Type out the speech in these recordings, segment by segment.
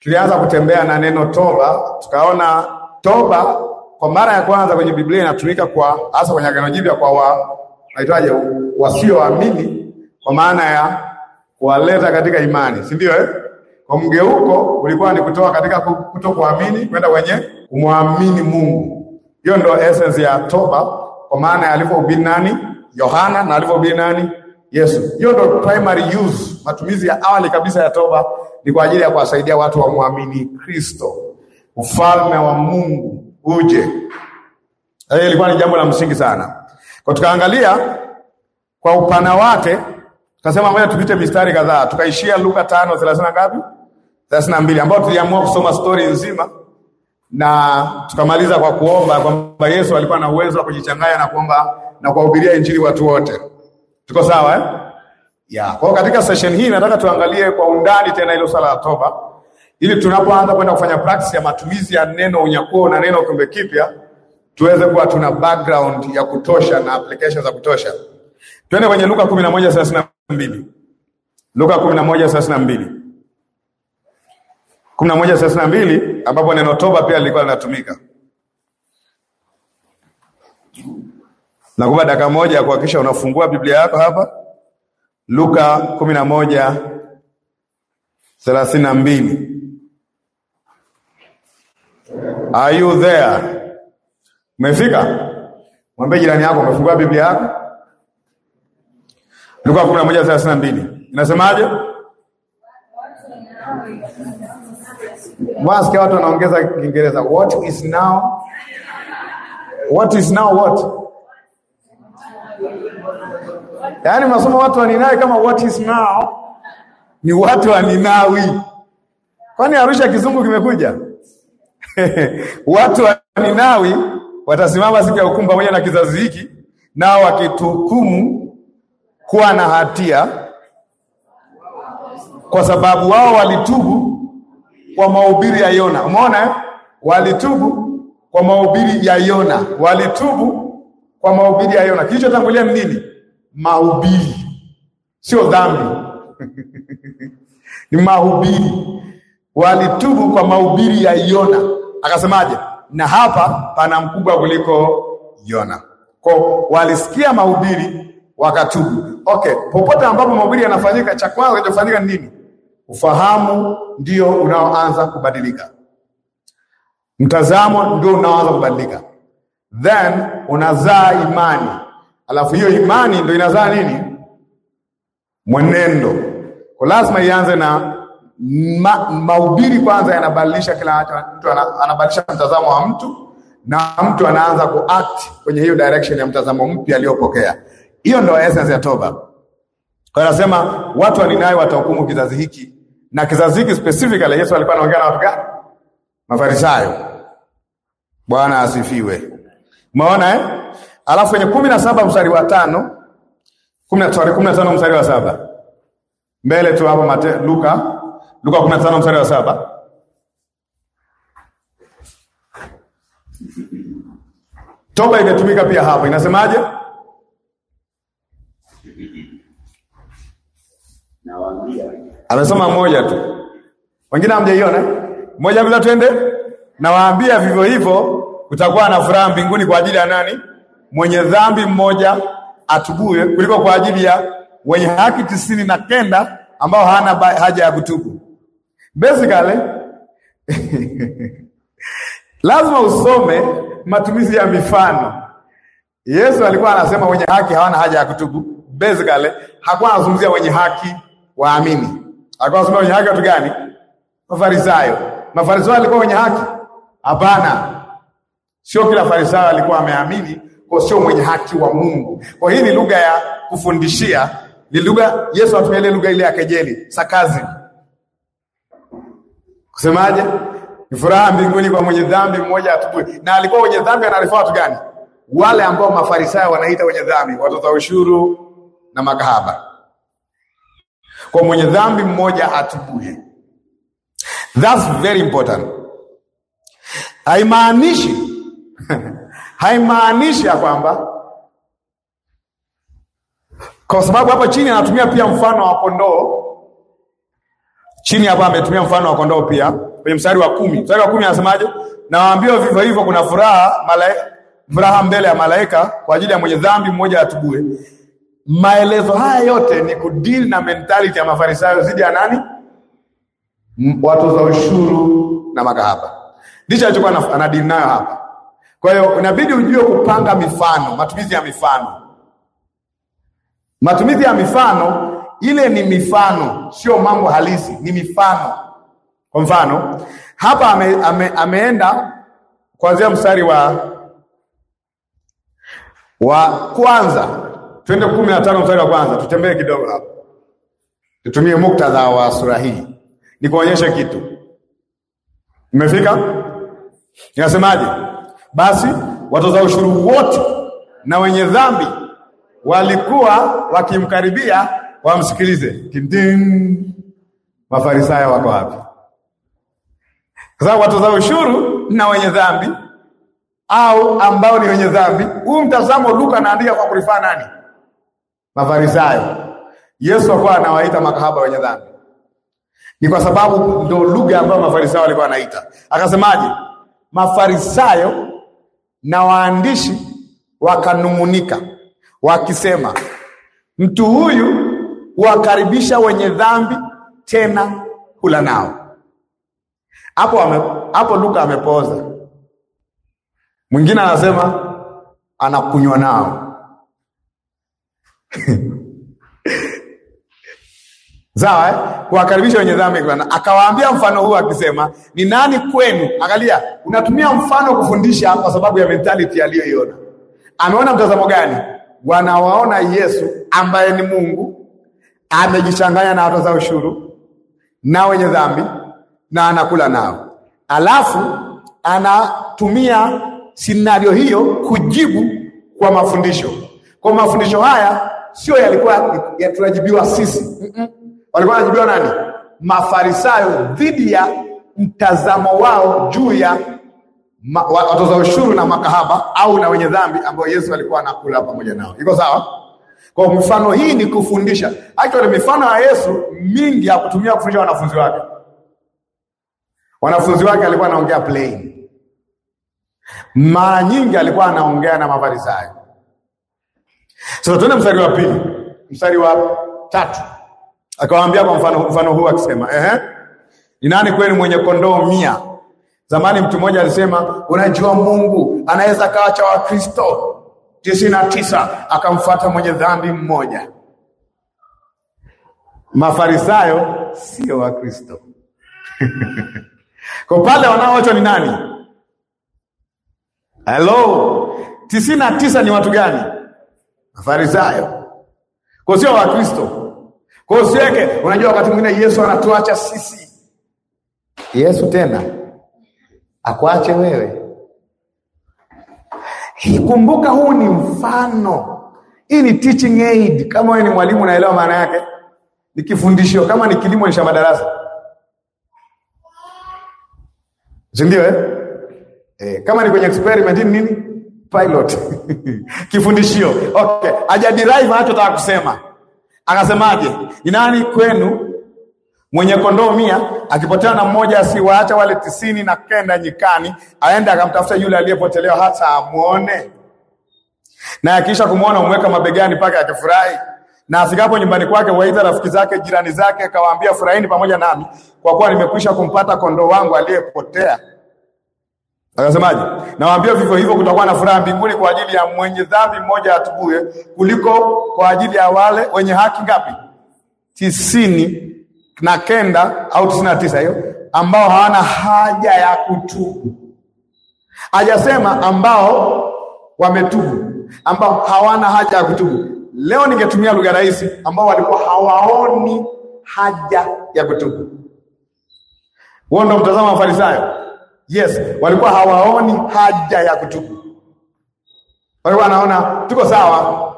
Tulianza kutembea na neno toba, tukaona toba kwa mara ya kwanza kwenye Biblia inatumika kwa hasa kwenye Agano Jipya kwa wa waitwaje, wasioamini kwa maana ya kuwaleta katika imani, si ndio eh? Kwa mgeuko ulikuwa ni kutoka katika kutokuamini kwenda kwenye kumwamini Mungu. Hiyo ndio essence ya toba, kwa maana ya alivyohubiri nani? Yohana, na alivyohubiri nani? Yesu. Hiyo ndio primary use, matumizi ya awali kabisa ya toba ni kwa ajili ya kuwasaidia watu wamwamini Kristo, ufalme wa Mungu uje. Hiyo ilikuwa ni jambo la msingi sana, kwa tukaangalia kwa upana wake, tukasema moja, tupite mistari kadhaa, tukaishia Luka tano thelathini na ngapi, thelathini na mbili, ambao tuliamua kusoma stori nzima na tukamaliza kwa kuomba kwamba Yesu alikuwa na uwezo wa kujichanganya na kuomba na kuwahubiria injili watu wote. Tuko sawa eh? ya kwa hiyo katika session hii nataka tuangalie kwa undani tena ile sala la toba, ili tunapoanza kwenda kufanya practice ya matumizi ya neno unyakuo na neno kiumbe kipya tuweze kuwa tuna background ya kutosha na applications za kutosha. Twende kwenye Luka 11:32. Luka 11:32. 11:32 ambapo neno toba pia lilikuwa linatumika. Nakupa dakika moja ya kuhakikisha unafungua Biblia yako hapa Luka kumi na moja thelathini na mbili. Are you there? Umefika? Mwambie jirani yako umefungua Biblia yako. Luka kumi na moja thelathini na mbili inasemaje? Wasikia watu wanaongeza Kiingereza, what is now, what is now what Yaani unasoma watu wa Ninawi kama what is now ni watu wa Ninawi. Kwani Arusha kizungu kimekuja? watu wa Ninawi watasimama siku ya hukumu pamoja na kizazi hiki, nao wakituhukumu kuwa na hatia, kwa sababu wao walitubu kwa mahubiri ya Yona. Umeona, eh? walitubu kwa mahubiri ya Yona, walitubu kwa mahubiri ya Yona. Kilichotangulia ni nini? mahubiri, sio dhambi ni mahubiri. Walitubu kwa mahubiri ya Yona, akasemaje? Na hapa pana mkubwa kuliko Yona. Kwa walisikia mahubiri wakatubu. Okay, popote ambapo mahubiri yanafanyika, cha kwanza kinachofanyika ni nini? Ufahamu ndio unaoanza kubadilika, mtazamo ndio unaoanza kubadilika, then unazaa imani Alafu hiyo imani ndio inazaa nini? Mwenendo. Kwa lazima ianze na ma, mahubiri kwanza yanabadilisha kila mtu anabadilisha mtazamo wa mtu na mtu anaanza kuact kwenye hiyo direction ya mtazamo mpya aliyopokea. Hiyo ndio essence ya toba. Kwa anasema watu wa Ninawi watahukumu kizazi hiki na kizazi hiki specifically, Yesu alikuwa anaongea na watu gani? Mafarisayo. Bwana asifiwe. Umeona eh? Alafu kwenye kumi na saba mstari wa tano kumi na tano mstari wa saba mbele tu hapo Mate, Luka Luka kumi na tano mstari wa saba toba imetumika pia hapo, inasemaje? Amesoma moja tu, wengine hamjaiona moja bila, twende nawaambia, vivyo hivyo kutakuwa na furaha mbinguni kwa ajili ya nani? mwenye dhambi mmoja atubue kuliko kwa ajili ya wenye haki tisini na kenda ambao hana haja ya kutubu. Basically lazima usome matumizi ya mifano. Yesu alikuwa anasema wenye haki hawana haja ya kutubu. Basically hakuwa anazungumzia wenye haki waamini, alikuwa anasema wenye haki watu gani? Mafarisayo. Mafarisayo alikuwa wenye haki? Hapana, sio kila farisayo alikuwa ameamini kwa sio mwenye haki wa Mungu. Kwa hii ni lugha ya kufundishia, ni lugha Yesu anatumia ile lugha ile ya kejeli, sakazi Kusemaje? Ni furaha mbinguni kwa mwenye dhambi mmoja atubue. Na alikuwa mwenye dhambi anaarifa watu gani? Wale ambao mafarisayo wanaita wenye dhambi, watoza ushuru na makahaba. Kwa mwenye dhambi mmoja atubue. That's very important. Haimaanishi haimaanishi ya kwamba kwa sababu hapa chini anatumia pia mfano wa kondoo. Chini hapa ametumia mfano wa kondoo pia kwenye mstari wa kumi. Mstari wa kumi anasemaje? Nawaambia vivyo hivyo, kuna furaha malaika, furaha mbele ya malaika kwa ajili ya mwenye dhambi mmoja atubue. Maelezo haya yote ni kudili na mentality ya Mafarisayo zidi ya nani? Watoza ushuru na makahaba, ndicho alichokuwa anadili nayo hapa. Kwa hiyo inabidi ujue kupanga mifano, matumizi ya mifano. Matumizi ya mifano ile ni mifano, sio mambo halisi, ni mifano. Kwa mfano hapa ame, ame, ameenda kuanzia mstari wa wa kwanza, twende kumi na tano mstari wa kwanza. Tutembee kidogo hapo, tutumie muktadha wa sura hii, nikuonyeshe kitu. Umefika? Ninasemaje? Basi watoza ushuru wote na wenye dhambi walikuwa wakimkaribia wamsikilize. Kidin, Mafarisayo wako wapi? Kwa sababu watoza ushuru na wenye dhambi au ambao ni wenye dhambi, huu mtazamo Luka anaandika kwa kulifaa nani? Mafarisayo. Yesu akuwa anawaita makahaba wenye dhambi, ni kwa sababu ndo lugha ambayo Mafarisayo walikuwa wanaita. Akasemaje? Mafarisayo na waandishi wakanung'unika wakisema, mtu huyu huwakaribisha wenye dhambi, tena hula nao. Hapo hapo Luka amepooza. Mwingine anasema anakunywa nao Sawa eh? Kuwakaribisha wenye dhambi kutana. Akawaambia mfano huu akisema, ni nani kwenu? Angalia, unatumia mfano kufundisha kwa sababu ya mentality aliyoiona. Ameona mtazamo gani? Wanawaona Yesu ambaye ni Mungu amejichanganya na watoza ushuru na wenye dhambi na anakula nao, alafu anatumia sinario hiyo kujibu kwa mafundisho. Kwa mafundisho haya sio yalikuwa yaturajibiwa sisi mm -mm walikuwa wanajibiwa nani? Mafarisayo dhidi ya mtazamo wao juu ya watoza ushuru na makahaba au na wenye dhambi ambao Yesu alikuwa anakula pamoja nao. Iko sawa? Kwa mfano hii ni kufundisha. Actually mifano ya Yesu mingi kutumia kufundisha wanafunzi wake. Wanafunzi wake alikuwa anaongea plain. Mara nyingi alikuwa anaongea na Mafarisayo. Sasa tuende mstari wa pili, mstari wa tatu. Akawaambia kwa mfano, mfano huu akisema, ehe, ni nani kweli mwenye kondoo mia? Zamani mtu mmoja alisema, unajua Mungu anaweza akawacha Wakristo tisini na tisa akamfuata mwenye dhambi mmoja. Mafarisayo sio Wakristo. Kwa pale wanaoachwa ni nani? Hello, tisini na tisa ni watu gani? Mafarisayo, kwa sio Wakristo. Kwa hiyo usiweke. Unajua, wakati mwingine Yesu anatuacha sisi. Yesu tena akuache wewe. Kumbuka, huu ni mfano, hii ni teaching aid. Kama wewe ni mwalimu, unaelewa maana yake, ni kifundishio Kama ni kilimo, ni shamba darasa, si ndio eh? Eh, kama ni kwenye experiment nini pilot kifundishio. Okay, hajaderive anachotaka kusema Akasemaje? Ni nani kwenu mwenye kondoo mia akipotea na mmoja asiwaacha wale tisini na kenda nyikani, aende akamtafuta yule aliyepotelewa hata amwone, na akiisha kumwona umweka mabegani pake akifurahi na afikapo nyumbani kwake waita rafiki zake, jirani zake, akawaambia furahini pamoja nami, kwa kuwa nimekwisha kumpata kondoo wangu aliyepotea. Anasemaje? Nawaambia vivyo hivyo kutakuwa na furaha mbinguni kwa ajili ya mwenye dhambi mmoja atubue kuliko kwa ajili ya wale wenye haki ngapi? tisini na kenda au tisini na tisa hiyo ambao hawana haja ya kutubu. Hajasema ambao wametubu, ambao hawana haja ya kutubu. Leo ningetumia lugha rahisi, ambao walikuwa hawaoni haja ya kutubu. Huo ndo mtazamo wa Farisayo. Yes, walikuwa hawaoni haja ya kutubu, walikuwa wanaona tuko sawa.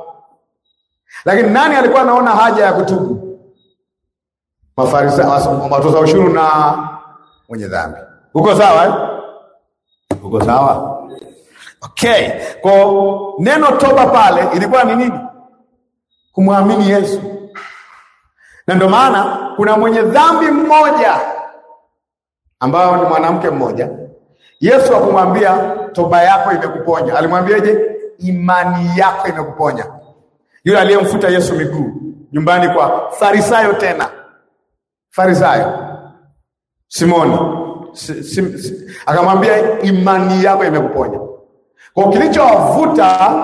Lakini nani alikuwa anaona haja ya kutubu? Mafarisayo, watoza ushuru na mwenye dhambi. Uko sawa eh? Uko sawa. Okay, kwa neno toba pale ilikuwa ni nini? Kumwamini Yesu, na ndio maana kuna mwenye dhambi mmoja ambao ni mwanamke mmoja Yesu akumwambia toba yako imekuponya. Alimwambiaje? Imani yako imekuponya. Yule aliyemfuta Yesu miguu nyumbani kwa Farisayo, tena Farisayo Simoni si, si, si, akamwambia imani yako imekuponya. Kwa kilichowavuta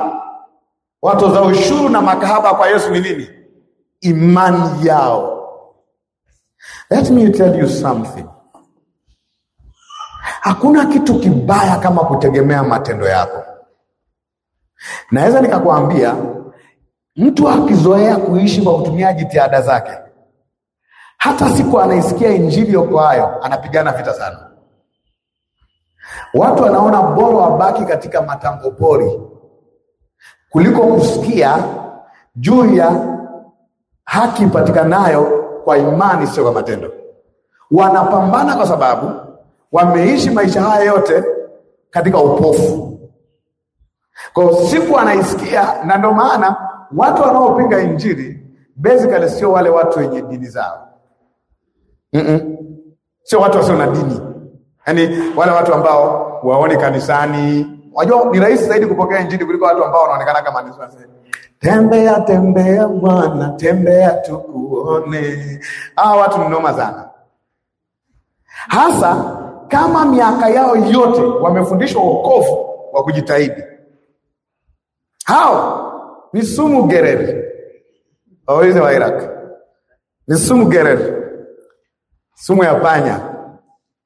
watu za ushuru na makahaba kwa Yesu ni nini? Imani yao. Let me tell you something. Hakuna kitu kibaya kama kutegemea matendo yako. Naweza nikakwambia mtu akizoea kuishi kwa kutumia jitihada zake, hata siku anaisikia injili yokoayo anapigana vita sana. Watu wanaona bora wabaki katika matango pori kuliko kusikia juu ya haki ipatikanayo kwa imani, sio kwa matendo. Wanapambana kwa sababu wameishi maisha haya yote katika upofu. Kwa siku anaisikia, na ndio maana watu wanaopinga injili basically sio wale watu wenye dini zao mm -mm. Sio watu wasio na dini, yaani wale watu ambao waone kanisani. Wajua ni rahisi zaidi kupokea injili kuliko watu ambao wanaonekana kama ni tembea tembea Bwana tembea tukuone. Hawa watu ni noma sana, hasa kama miaka yao yote wamefundishwa wokovu wa kujitahidi. Hao ni sumu gereri, waulize wa Iraq ni sumu gereri, sumu ya panya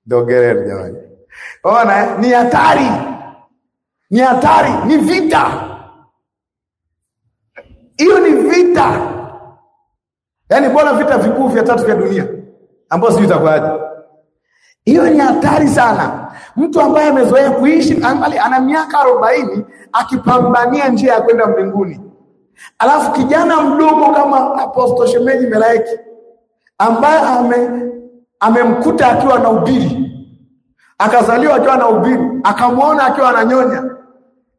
ndo gereri. Jamani, ona ni hatari, ni hatari, ni vita hiyo, ni vita. Yaani bora vita vikuu vya tatu vya dunia ambao sijui itakuwaje hiyo ni hatari sana. Mtu ambaye amezoea kuishi angali ana miaka arobaini akipambania njia ya kwenda mbinguni, alafu kijana mdogo kama Apostle Shemeji Melaiki ambaye ame amemkuta akiwa na ubiri, akazaliwa akiwa na ubiri, akamwona akiwa ananyonya,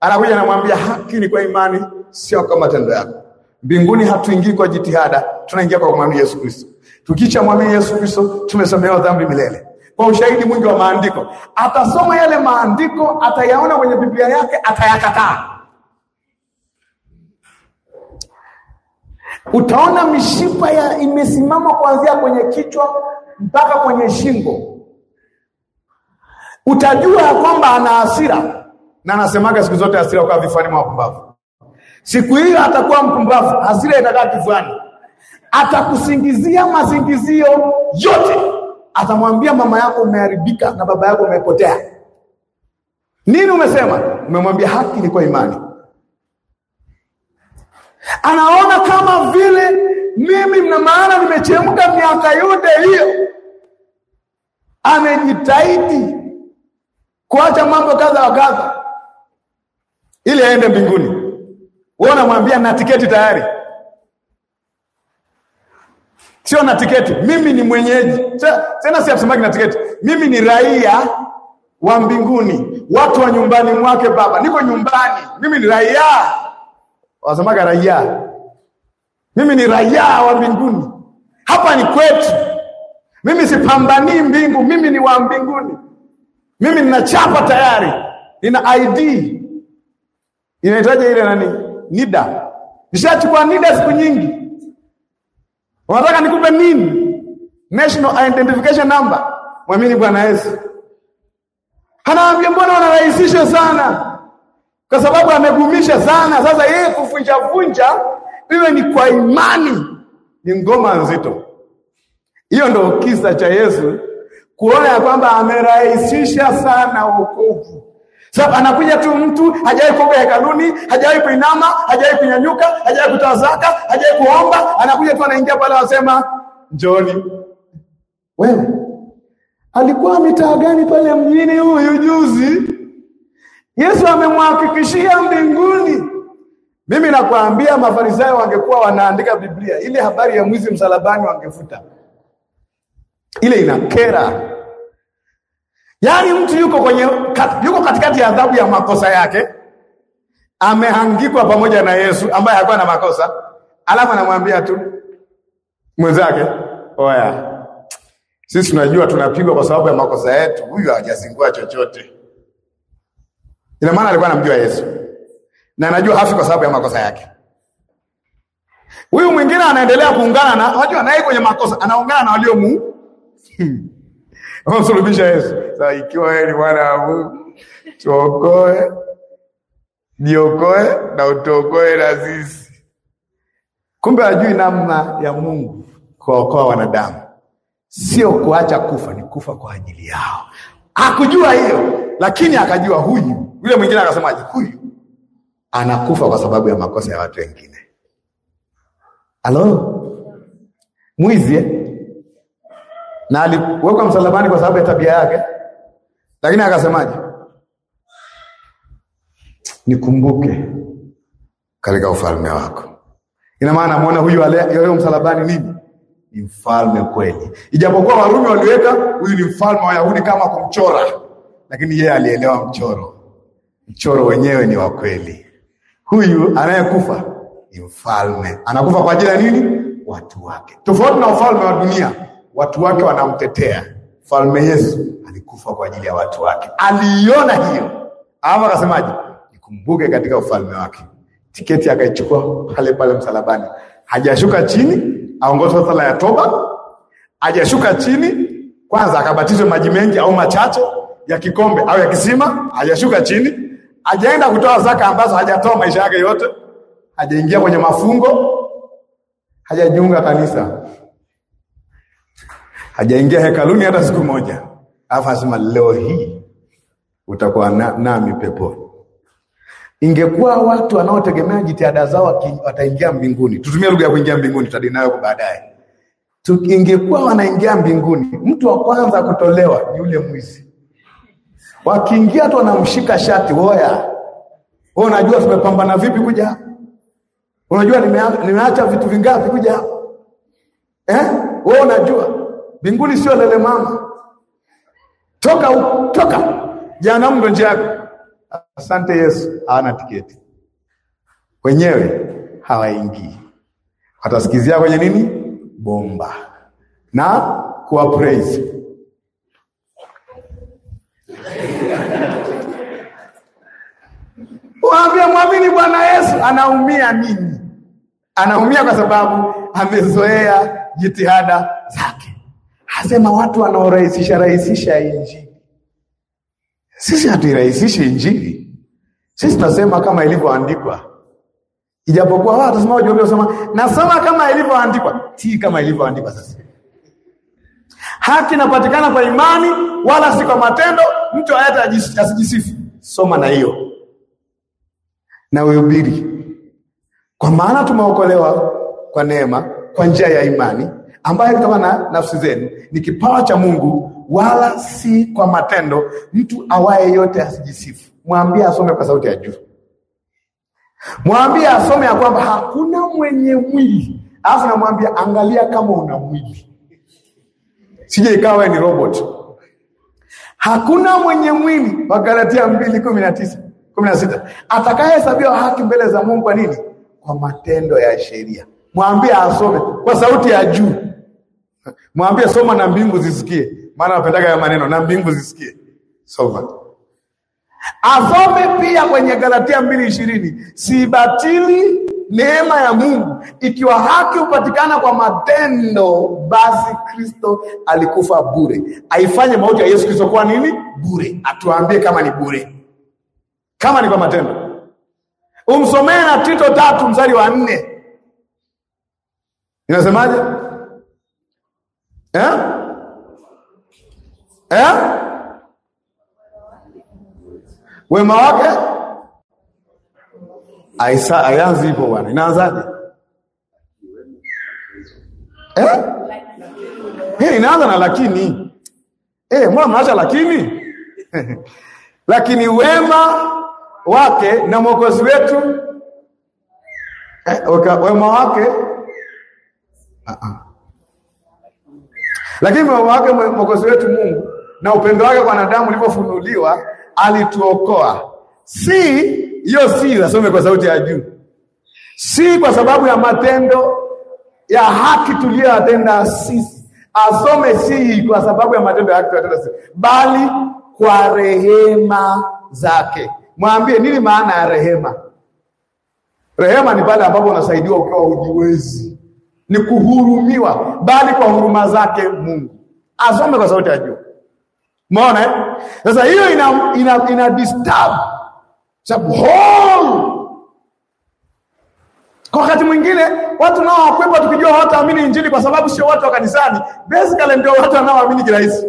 anakuja anamwambia haki ni kwa imani, sio kwa matendo yako. Mbinguni hatuingii kwa jitihada, tunaingia kwa kumwamini Yesu Kristo. Tukicha mwamini Yesu Kristo tumesamehewa dhambi milele kwa ushahidi mwingi wa maandiko. Atasoma yale maandiko, atayaona kwenye Biblia yake, atayakataa. Utaona mishipa ya imesimama kuanzia kwenye kichwa mpaka kwenye shingo. Utajua kwamba ana hasira, na anasemaga siku zote hasira kwa vifani mwa pumbavu. Siku hiyo atakuwa mpumbavu, hasira itakaa kifuani, atakusingizia mazingizio yote atamwambia mama yako umeharibika na baba yako umepotea. Nini umesema? Umemwambia haki ni kwa imani. Anaona kama vile mimi mna maana nimechemka miaka yote hiyo. Amejitahidi kuacha mambo kadha wa kadha ili aende mbinguni. Wewe unamwambia na tiketi tayari sio na tiketi. Mimi ni mwenyeji tena, si asemaki na tiketi. Mimi ni raia wa mbinguni, watu wa nyumbani mwake Baba. Niko nyumbani, mimi ni raia, wasemaga raia. Mimi ni raia wa mbinguni, hapa ni kwetu. Mimi sipambanii mbingu, mimi ni wa mbinguni. Mimi nina chapa tayari, nina ID inahitaji ile nani, NIDA. Nishachukua NIDA siku nyingi Unataka nikupe nini? National identification number? Mwamini Bwana Yesu. Anaambia mbona wanarahisisha sana, kwa sababu amegumisha sana. Sasa yeye kufunja funja iwe ni kwa imani, ni ngoma nzito hiyo. Ndio kisa cha Yesu kuona ya kwamba amerahisisha sana wokovu sasa anakuja tu mtu hajawahi kuoga hekaluni, hajawahi kuinama, hajawahi kunyanyuka, hajawahi kutoa zaka, hajawahi kuomba, anakuja tu anaingia pale anasema njoni. Wewe alikuwa mitaa gani pale mjini huyu juzi? Yesu amemhakikishia mbinguni. Mimi nakwambia Mafarisayo wangekuwa wanaandika Biblia, ile habari ya mwizi msalabani wangefuta. Ile inakera. Yaani mtu yuko kwenye yuko katikati ya adhabu ya makosa yake, amehangikwa pamoja na Yesu ambaye hakuwa na makosa, alafu anamwambia tu mwenzake, oya, sisi tunajua tunapigwa kwa sababu ya makosa yetu, huyu hajazingua chochote. Ina maana alikuwa anamjua Yesu na anajua hafi kwa sababu ya makosa yake. Huyu mwingine anaendelea kuungana na, unajua naye kwenye makosa anaungana na waliomu Unamsulubisha Yesu. Sasa ikiwa wewe ni mwana wa Mungu, tuokoe, jiokoe na utuokoe na sisi. Kumbe ajui namna ya Mungu kuwaokoa wanadamu, sio kuacha kufa, ni kufa kwa ajili yao. Hakujua hiyo, lakini akajua huyu. Yule mwingine akasemaje? Huyu anakufa kwa sababu ya makosa ya watu wengine. Halo, mwizi eh? na aliwekwa msalabani kwa sababu ya tabia yake, lakini akasemaje? Nikumbuke katika ufalme wako. Ina maana muona huyu aliyeyo msalabani nini? Ni mfalme kweli, ijapokuwa Warumi waliweka huyu ni mfalme wa Wayahudi kama kumchora, lakini yeye alielewa mchoro. Mchoro wenyewe ni wa kweli. Huyu anayekufa ni mfalme, anakufa kwa ajili ya nini? Watu wake, tofauti na ufalme wa dunia watu wake wanamtetea. Mfalme Yesu alikufa kwa ajili ya watu wake, aliona hiyo, ama akasemaje? Nikumbuke katika ufalme wake. Tiketi akaichukua pale pale msalabani, hajashuka chini aongozwa sala ya toba, hajashuka chini kwanza akabatizwe maji mengi au machache ya kikombe au ya kisima, hajashuka chini, hajaenda kutoa zaka ambazo hajatoa maisha yake yote, hajaingia kwenye mafungo, hajajiunga kanisa hajaingia hekaluni hata siku moja, alafu anasema leo hii utakuwa na, nami peponi. Ingekuwa watu wanaotegemea jitihada zao wataingia mbinguni, tutumie lugha ya kuingia mbinguni, tutadini nayo baadaye. Ingekuwa wanaingia mbinguni, mtu wa kwanza kutolewa yule mwizi. Wakiingia tu wanamshika shati, woya, wewe unajua tumepambana vipi kuja hapa? Unajua nimeacha vitu vingapi kuja hapa eh? Wewe unajua Mbinguni sio lele mama. Toka toka. Jehanamu ndo njia yako. Asante Yesu, hawana tiketi. Wenyewe hawaingii. Watasikizia kwenye nini? Bomba. Na kuwa praise. Waambia mwamini Bwana Yesu anaumia nini? Anaumia kwa sababu amezoea jitihada zake. Asema watu wanaorahisisha rahisisha injili. Sisi hatuirahisishi injili, sisi tunasema kama ilivyoandikwa, ijapokuwa wao watasema ujumbe usema nasema kama ilivyoandikwa. ti kama ilivyoandikwa. Sasa haki inapatikana kwa imani, wala si kwa matendo. Mtu hata asijisifu, soma na hiyo na uhubiri, kwa maana tumeokolewa kwa neema kwa njia ya imani ambaye kama na nafsi zenu ni kipawa cha Mungu, wala si kwa matendo. Mtu awaye yote asijisifu. Mwambie asome kwa sauti ya juu, mwambie asome ya kwamba hakuna mwenye mwili, alafu namwambia angalia kama una mwili, sije ikawa ni robot. Hakuna mwenye mwili, Wagalatia mbili kumi na tisa kumi na sita atakayehesabiwa haki mbele za Mungu. Kwa nini? Kwa matendo ya sheria. Mwambie asome kwa sauti ya juu. Mwambie soma na mbingu zisikie, maana wapendaga ya maneno na mbingu zisikie. Soma asome pia kwenye Galatia mbili ishirini, sibatili neema ya Mungu, ikiwa haki hupatikana kwa matendo, basi Kristo alikufa bure. Aifanye mauti ya Yesu Kristo kuwa nini? Bure. Atuambie kama ni bure, kama ni kwa matendo. Umsomee na Tito tatu mstari wa nne inasemaje? eh? Eh? wema wake aisa ayanzi ipo bwana, inaanzaje eh? Hii inaanza na lakini eh, mbona mnaacha lakini lakini wema wake na mwokozi wetu eh, wema wake uh -uh. Lakini mema wake mwokozi wetu Mungu na upendo wake kwa wanadamu ulivyofunuliwa, alituokoa si hiyo, si nasome kwa sauti ya juu, si kwa sababu ya matendo ya haki tuliyoyatenda sisi, asome si kwa sababu ya matendo ya haki tuliyotenda sisi, bali kwa rehema zake. Mwambie nini maana ya rehema? Rehema ni pale ambapo unasaidiwa ukiwa hujiwezi ni kuhurumiwa, bali kwa huruma zake Mungu. Asome kwa sauti ya juu. Umeona eh? Sasa hiyo ina, ina, ina disturb sababu kwa wakati mwingine watu nao wakwepa, tukijua hawataamini injili kwa sababu sio watu wa kanisani, basically ndio watu wanaoamini kirahisi.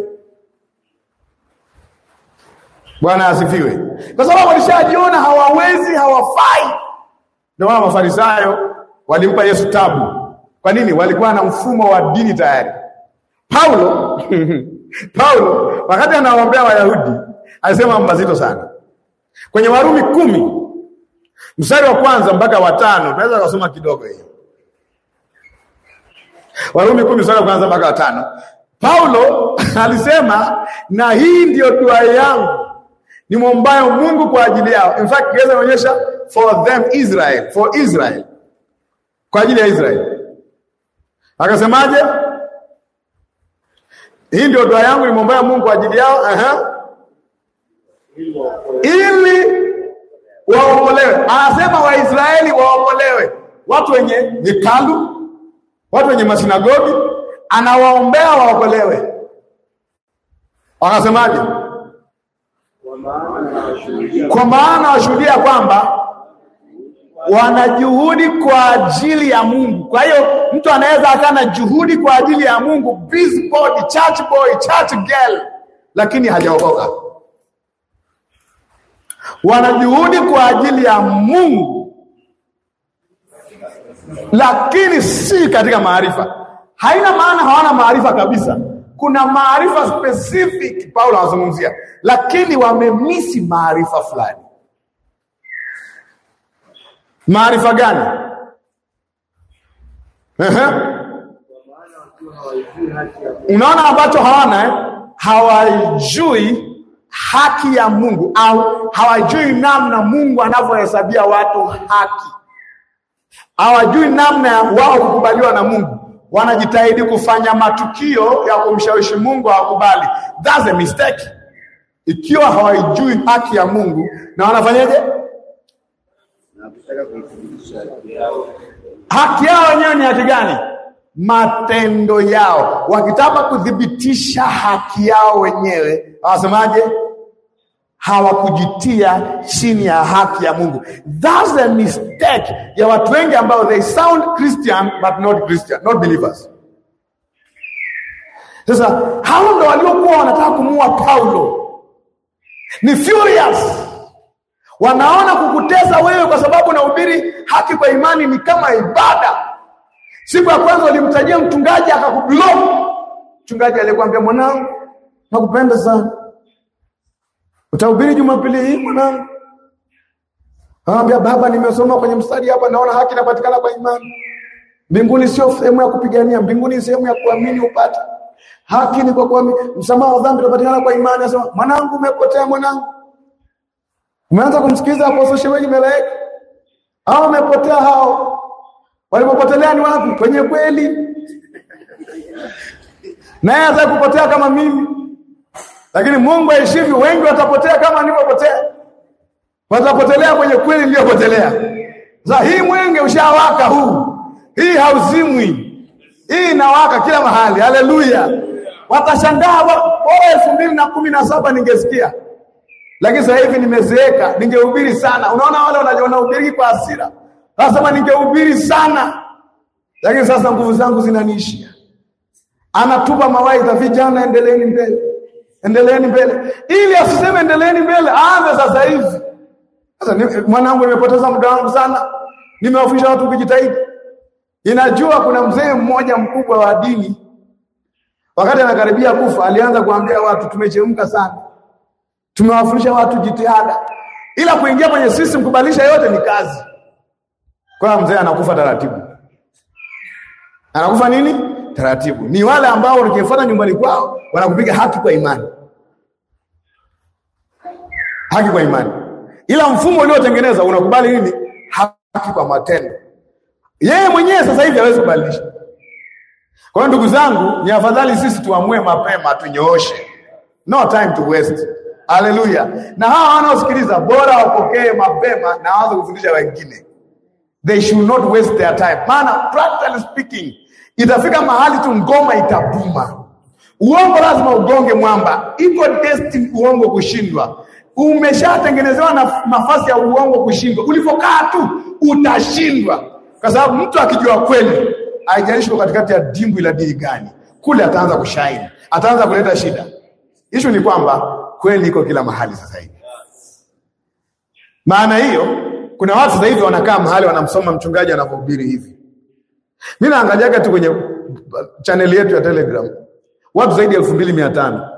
Bwana asifiwe, kwa sababu walishajiona hawawezi, hawafai. Ndio maana Mafarisayo walimpa Yesu tabu kwa nini? Walikuwa na mfumo wa dini tayari. Paulo Paulo wakati anawaombea Wayahudi alisema mbazito mazito sana kwenye Warumi kumi mstari wa kwanza mpaka watano tunaweza kusoma kidogo hiyo. Warumi kumi mstari wa kwanza mpaka watano Paulo alisema, na hii ndiyo dua yangu ni mwombayo Mungu kwa ajili yao. In fact, kiweza kuonyesha for them Israel, for Israel, kwa ajili ya Israel Akasemaje? Hii ndio dua yangu nimwombea Mungu kwa ajili yao, aha, ili waokolewe. Anasema Waisraeli waokolewe, watu wenye hekalu watu wenye masinagogi, anawaombea waokolewe. Akasemaje? Kwa maana washuhudia kwamba wana juhudi kwa ajili ya Mungu. Kwa hiyo mtu anaweza akawa na juhudi kwa ajili ya Mungu, busy body, church boy, church girl, lakini hajaokoka. Wana juhudi kwa ajili ya Mungu, lakini si katika maarifa. Haina maana hawana maarifa kabisa. Kuna maarifa specific Paulo anazungumzia, lakini wamemisi maarifa fulani maarifa gani? Ehe. Unaona ambacho hawana eh? Hawajui haki ya Mungu au hawajui namna Mungu anavyohesabia watu haki. Hawajui namna ya wao kukubaliwa na Mungu. Wanajitahidi kufanya matukio ya kumshawishi Mungu awakubali. That's a mistake. Ikiwa hawajui haki ya Mungu na wanafanyaje? Haki yao wenyewe ni haki gani? Matendo yao. Wakitaka kuthibitisha haki yao wenyewe, wanasemaje? Hawakujitia chini ya haki ya Mungu. That's the mistake ya watu wengi ambao they sound Christian but not Christian, not believers. Sasa hao ndo waliokuwa wanataka kumuua Paulo, ni furious Wanaona kukutesa wewe kwa sababu unahubiri haki kwa imani ni kama ibada. Siku ya kwanza ulimtajia mchungaji akakublock. Mchungaji alikwambia mwanangu, nakupenda sana. Utahubiri Jumapili hii mwanangu? Anambia baba, nimesoma kwenye mstari hapa, naona haki inapatikana kwa imani. Mbinguni sio sehemu ya kupigania, mbinguni ni sehemu ya kuamini upate. Haki ni kwa kuamini. Msamaha wa dhambi unapatikana kwa imani. Anasema, mwanangu umepotea mwanangu. Umeanza kumsikiliza Apostle Shemeji Melaika? Hao wamepotea hao. Walipopotelea ni wapi? Kwenye kweli. Naye hata kupotea kama mimi. Lakini Mungu aishivi, wengi watapotea kama nilivyopotea. Watapotelea kwenye kweli niliyopotelea. Za hii mwenge ushawaka huu. Hii hauzimwi. Hii inawaka kila mahali. Haleluya. Watashangaa bora elfu mbili na kumi na saba ningesikia lakini sasa hivi nimezeeka, ningehubiri sana. Unaona wale wanahubiri kwa hasira, nasema ningehubiri sana, lakini sasa nguvu zangu zinaniishia. Anatupa mawaidha, vijana, endeleeni mbele, endeleeni mbele, ili asiseme endeleeni mbele, aanze sasa hivi. Sasa mwanangu, nimepoteza muda wangu sana, nimewafundisha watu kujitahidi. Inajua kuna mzee mmoja mkubwa wa dini, wakati anakaribia kufa, alianza kuambia watu, tumechemka sana tumewafundisha watu jitihada, ila kuingia kwenye system kubadilisha yote ni kazi. Kwa hiyo mzee anakufa taratibu, anakufa nini taratibu. Ni wale ambao ukifuata nyumbani kwao wanakupiga haki kwa imani, haki kwa imani, ila mfumo uliotengeneza unakubali nini? Haki kwa matendo. Yeye mwenyewe sasa hivi hawezi kubadilisha. Kwa hiyo ndugu zangu, ni afadhali sisi tuamue mapema, tunyooshe, no time to waste. Haleluya! Na hawa wanaosikiliza bora wapokee mapema na waanze kufundisha wengine, they should not waste their time. Maana practically speaking, itafika mahali tu ngoma itabuma. Uongo lazima ugonge mwamba, iko destined uongo kushindwa. Umeshatengenezewa na nafasi ya uongo kushindwa, ulivokaa tu utashindwa, kwa sababu mtu akijua kweli, haijalishi katikati ya dimbwi la dini gani kule, ataanza kushaini, ataanza kuleta shida. Ishu ni kwamba kweli iko kila mahali sasa hivi. Maana hiyo kuna watu sasa hivi wanakaa mahali wanamsoma mchungaji anapohubiri hivi. Mimi naangaliaga tu kwenye uh, channel yetu ya Telegram. Watu zaidi ya elfu mbili mia tano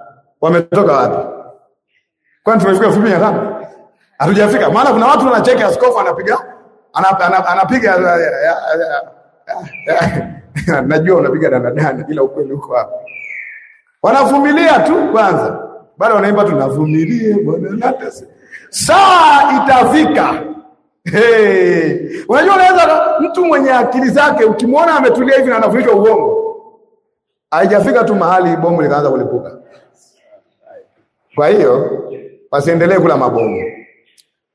wametoka wapi? Kwani tumefika elfu mbili mia tano? Hatujafika. Maana kuna watu wanacheki askofu anapiga anapiga uh, uh, najua unapiga danadana ila ukweli uko hapo. Wanavumilia tu kwanza bado wanaimba tunavumilie Bwana saa itafika. Hey. Unajua, unaweza mtu mwenye akili zake ukimwona ametulia hivi na anafunika uongo, haijafika tu mahali bomu likaanza kulipuka. Kwa hiyo wasiendelee kula mabomu,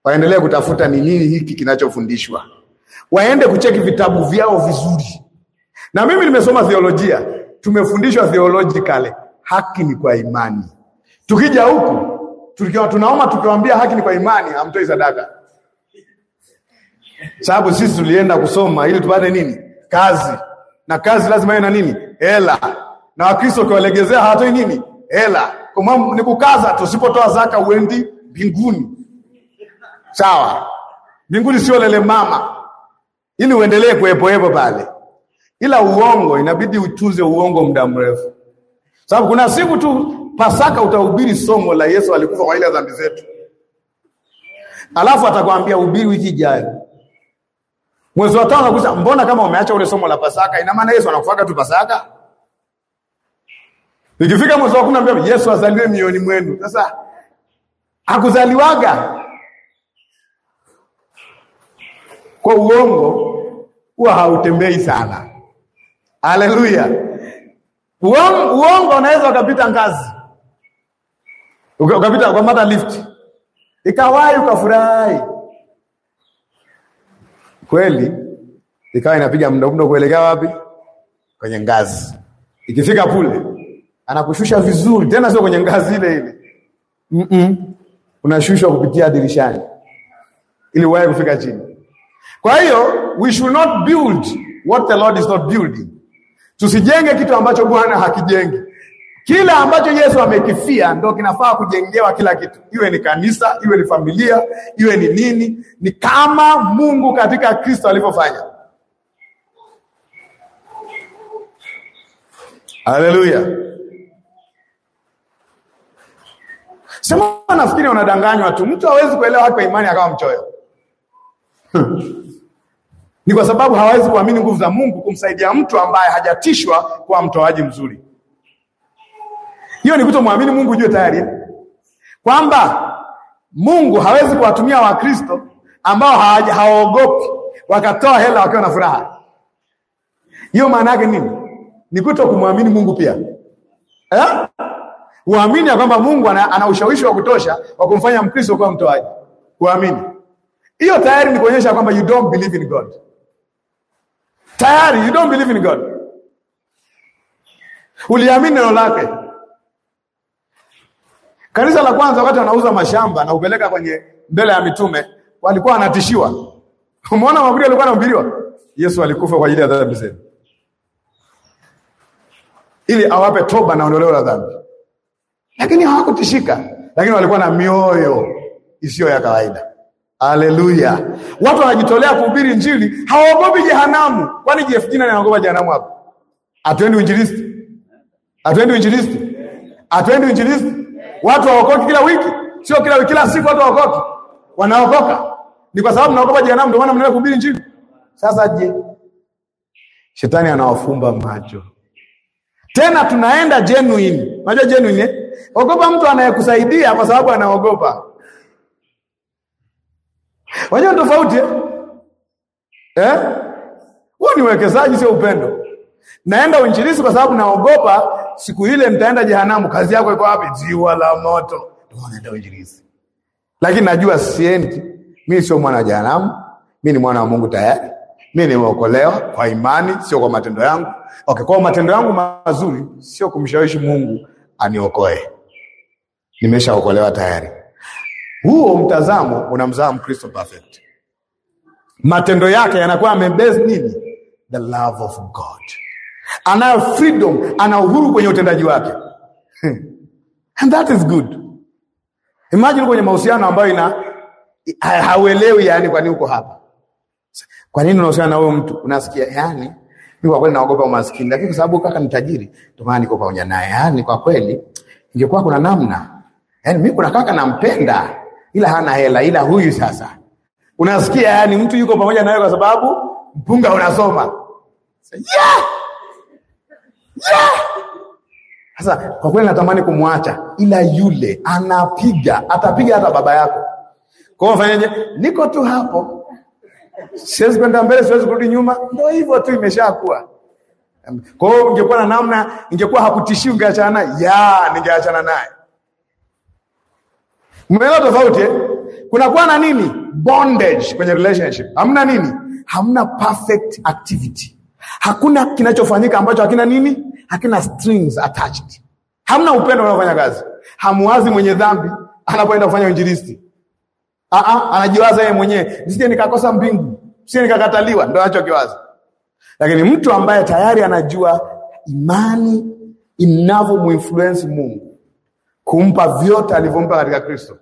waendelee kutafuta ni nini hiki kinachofundishwa, waende kucheki vitabu vyao vizuri. Na mimi nimesoma theolojia, tumefundishwa theolojikale, haki ni kwa imani Tukija huku tukiwa tunaomba tukiwaambia haki ni kwa imani, hamtoi sadaka, sababu sisi tulienda kusoma ili tupate nini? Kazi, na kazi lazima iwe na nini? Hela. Na Wakristo ukiwalegezea hawatoi nini? Hela. Ni kukaza, tusipotoa zaka uendi mbinguni. Sawa, mbinguni sio lele mama, ili uendelee kuepoepo pale. Ila uongo inabidi utunze uongo muda mrefu, sababu kuna siku tu Pasaka utahubiri somo la Yesu alikufa kwa ile dhambi zetu, alafu atakwambia hubiri wiki ijayo, mwezi wa tano nakusa. Mbona kama umeacha ule somo la Pasaka? Ina maana Yesu anakufaga tu Pasaka? Ikifika mwezi wa kumi naambia Yesu azaliwe mioyoni mwenu. Sasa akuzaliwaga kwa uongo, huwa hautembei sana. Haleluya! Uongo, uongo unaweza ukapita ngazi ukapita uka ukamata lift ikawai ukafurahi kweli, ikawa inapiga mdomdo kuelekea wapi? Kwenye ngazi. Ikifika pule, anakushusha vizuri, tena sio kwenye ngazi ile ile mm -mm. Unashushwa kupitia dirishani ili uwahi kufika chini. Kwa hiyo we should not build what the Lord is not building, tusijenge kitu ambacho Bwana hakijengi. Kila ambacho Yesu amekifia ndo kinafaa kujengewa kila kitu, iwe ni kanisa, iwe ni familia, iwe ni nini, ni kama Mungu katika Kristo alivyofanya. Haleluya! Sema, nafikiri unadanganywa tu. Mtu hawezi kuelewa haki ya imani akawa mchoyo ni kwa sababu hawezi kuamini nguvu za Mungu kumsaidia mtu ambaye hajatishwa kuwa mtoaji mzuri. Hiyo ni kutomwamini Mungu, jue tayari eh? kwamba Mungu hawezi kuwatumia Wakristo ambao hawaogopi wakatoa hela wakiwa na furaha. Hiyo maana yake nini? Ni kuto kumwamini Mungu pia eh? Uamini ya kwamba Mungu ana, ana ushawishi wa kutosha wa kumfanya Mkristo kuwa mtoaji. Uamini hiyo tayari ni kuonyesha kwamba you don't believe in God. Tayari you don't believe in God, uliamini neno lake Kanisa la kwanza wakati wanauza mashamba na kupeleka kwenye mbele ya mitume, walikuwa wanatishiwa. Umeona maburi alikuwa anahubiriwa. Yesu alikufa kwa ajili ya dhambi zetu. Ili awape toba na ondoleo la dhambi. Lakini hawakutishika, lakini walikuwa na mioyo isiyo ya kawaida. Haleluya. Watu wanajitolea kuhubiri Injili, hawaogopi jehanamu. Kwani Jeff Jina anaogopa jehanamu hapo? Atwendi uinjilisti. Atwendi uinjilisti. Atwendi uinjilisti. Watu waokoki kila wiki, sio kila wiki, kila siku watu waokoki. Wanaokoka ni kwa sababu mnaogopa jehanamu, ndio maana mnaenda kuhubiri Injili. Sasa je, shetani anawafumba macho tena, tunaenda genuine. Unajua genuine eh? Ogopa mtu anayekusaidia kwa sababu anaogopa. Wajua tofauti eh? Eh? ni uwekezaji, sio upendo. Naenda uinjilisti kwa sababu naogopa siku ile mtaenda jehanamu. Kazi yako iko wapi? Ziwa la moto. Lakini najua sienti, Mimi sio mwana wa jehanamu. Mimi ni mwana wa Mungu tayari. Mimi nimeokolewa kwa imani, sio kwa matendo yangu. Okay, kwa matendo yangu mazuri sio kumshawishi Mungu aniokoe. Nimeshaokolewa tayari. Huo mtazamo unamzaa Mkristo perfect. Matendo yake yanakuwa amebase nini? The love of God anayo freedom, ana uhuru kwenye utendaji wake and that is good. Imagine kwenye mahusiano ambayo ina hauelewi, yani kwa nini uko hapa, kwa nini unahusiana na huyo mtu, unasikia yani kwa kweli naogopa umaskini, lakini kwa sababu kaka ni tajiri, ndio maana niko pamoja naye. Yani kwa kweli ingekuwa kuna namna, yani mimi kuna kaka nampenda, ila hana hela, ila huyu sasa, unasikia yani mtu yuko pamoja naye kwa sababu mpunga unasoma yeah! Sasa kwa kweli natamani kumwacha, ila yule anapiga, atapiga hata baba yako. Kwa hiyo fanyaje? Niko tu hapo, siwezi kwenda mbele, siwezi kurudi nyuma. ndo hivyo tu, imeshakuwa. Kwa hiyo ungekuwa na namna, ingekuwa hakutishi, ungeachana naye ya, ningeachana naye. Mmeona tofauti eh? Kunakuwa na nini bondage kwenye relationship? Hamna nini, hamna perfect activity, hakuna kinachofanyika ambacho hakina nini hakina strings attached, hamna upendo unaofanya kazi, hamuwazi mwenye dhambi anapoenda kufanya injilisti. Ah ah, anajiwaza yeye mwenyewe, nisije nikakosa mbingu, nisije nikakataliwa, ndio anachokiwaza. Lakini mtu ambaye tayari anajua imani inavyomuinfluence Mungu kumpa vyote alivyompa katika Kristo,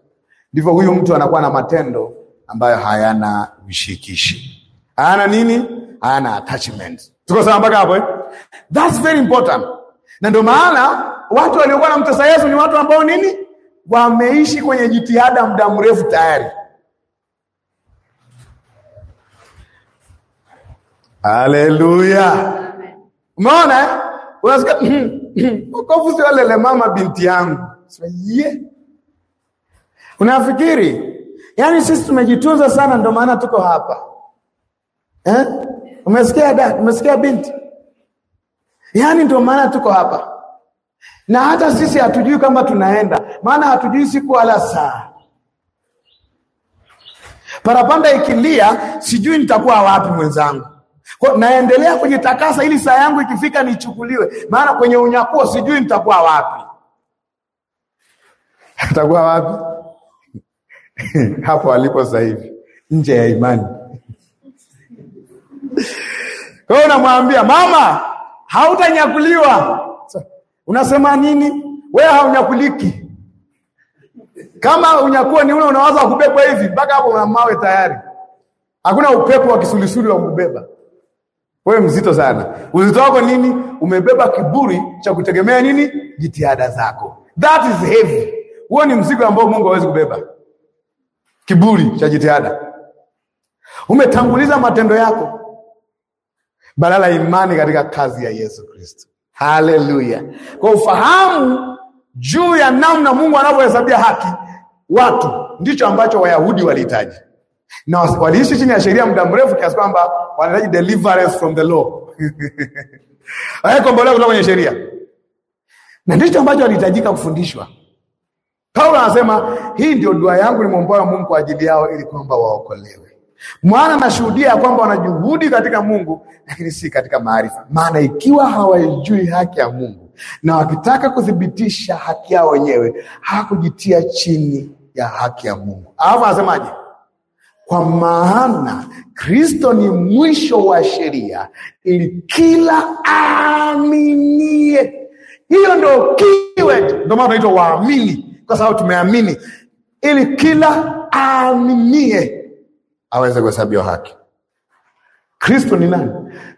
ndivyo huyu mtu anakuwa na matendo ambayo hayana vishikishi, hayana nini, hayana attachment. Tuko sawa mpaka hapo eh? That's very important. Na ndio maana watu waliokuwa wanamtesa Yesu ni watu ambao nini, wameishi kwenye jitihada muda mrefu tayari. Haleluya! Umeona, eh? unasikia ukovu sio lele mama binti yangu Ye. Unafikiri yaani sisi tumejitunza sana, ndio maana tuko hapa eh? Umesikia dad, umesikia binti, Yaani ndio maana tuko hapa, na hata sisi hatujui kama tunaenda, maana hatujui siku wala saa. Parapanda ikilia, sijui nitakuwa wapi mwenzangu. Kwa naendelea kujitakasa ili saa yangu ikifika nichukuliwe, maana kwenye unyakuo sijui nitakuwa wapi. Atakuwa wapi? hapo alipo sasa hivi, nje ya imani. Kwa hiyo unamwambia mama hautanyakuliwa. Unasema nini wewe? Haunyakuliki. Kama unyakuwa ni ule unawaza kubebwa hivi, mpaka hapo una mawe tayari. Hakuna upepo wa kisulisuli wa kubeba wewe, mzito sana. Uzito wako nini? Umebeba kiburi cha kutegemea nini? Jitihada zako. That is heavy. Huo ni mzigo ambao Mungu hawezi kubeba, kiburi cha jitihada. Umetanguliza matendo yako badala ya imani katika kazi ya Yesu Kristo. Haleluya! Kwa ufahamu juu ya namna Mungu anavyohesabia haki watu ndicho ambacho Wayahudi walihitaji, na waliishi chini ya sheria muda mrefu kiasi kwamba wanahitaji deliverance from the law kombolewa kutoka kwenye sheria, na ndicho ambacho walihitajika kufundishwa. Paulo anasema hii ndio dua yangu nimwombayo Mungu kwa ajili yao, ili kwamba waokolewe. Maana nashuhudia kwamba wana juhudi katika Mungu, lakini si katika maarifa. Maana ikiwa hawaijui haki ya Mungu na wakitaka kuthibitisha haki yao wenyewe, hawakujitia chini ya haki ya Mungu. Alafu anasemaje? Kwa maana Kristo ni mwisho wa sheria, ili kila aaminie. Hiyo ndio keyword, ndio maana tunaitwa waamini, kwa sababu tumeamini, ili kila aaminie aweze kuhesabiwa haki. Kristo ni nani?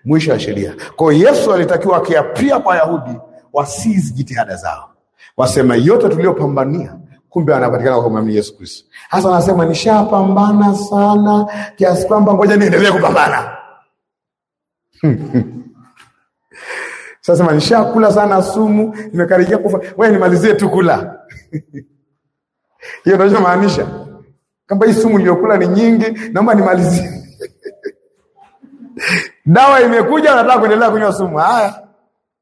Mwisho wa sheria. Kwa hiyo Yesu alitakiwa akiapia kwa Wayahudi wasizi jitihada zao, wasema yote tuliyopambania kumbe anapatikana kwa kumwamini Yesu Kristo. Hasa anasema nishapambana sana kiasi kwamba ngoja niendelee kupambana. Sasema nishakula sana sumu, nimekaribia kufa, wewe nimalizie tu kula hiyo ndio kamba hii sumu niliyokula ni nyingi, naomba nimalizie. Dawa imekuja, nataka kuendelea kunywa sumu? Haya,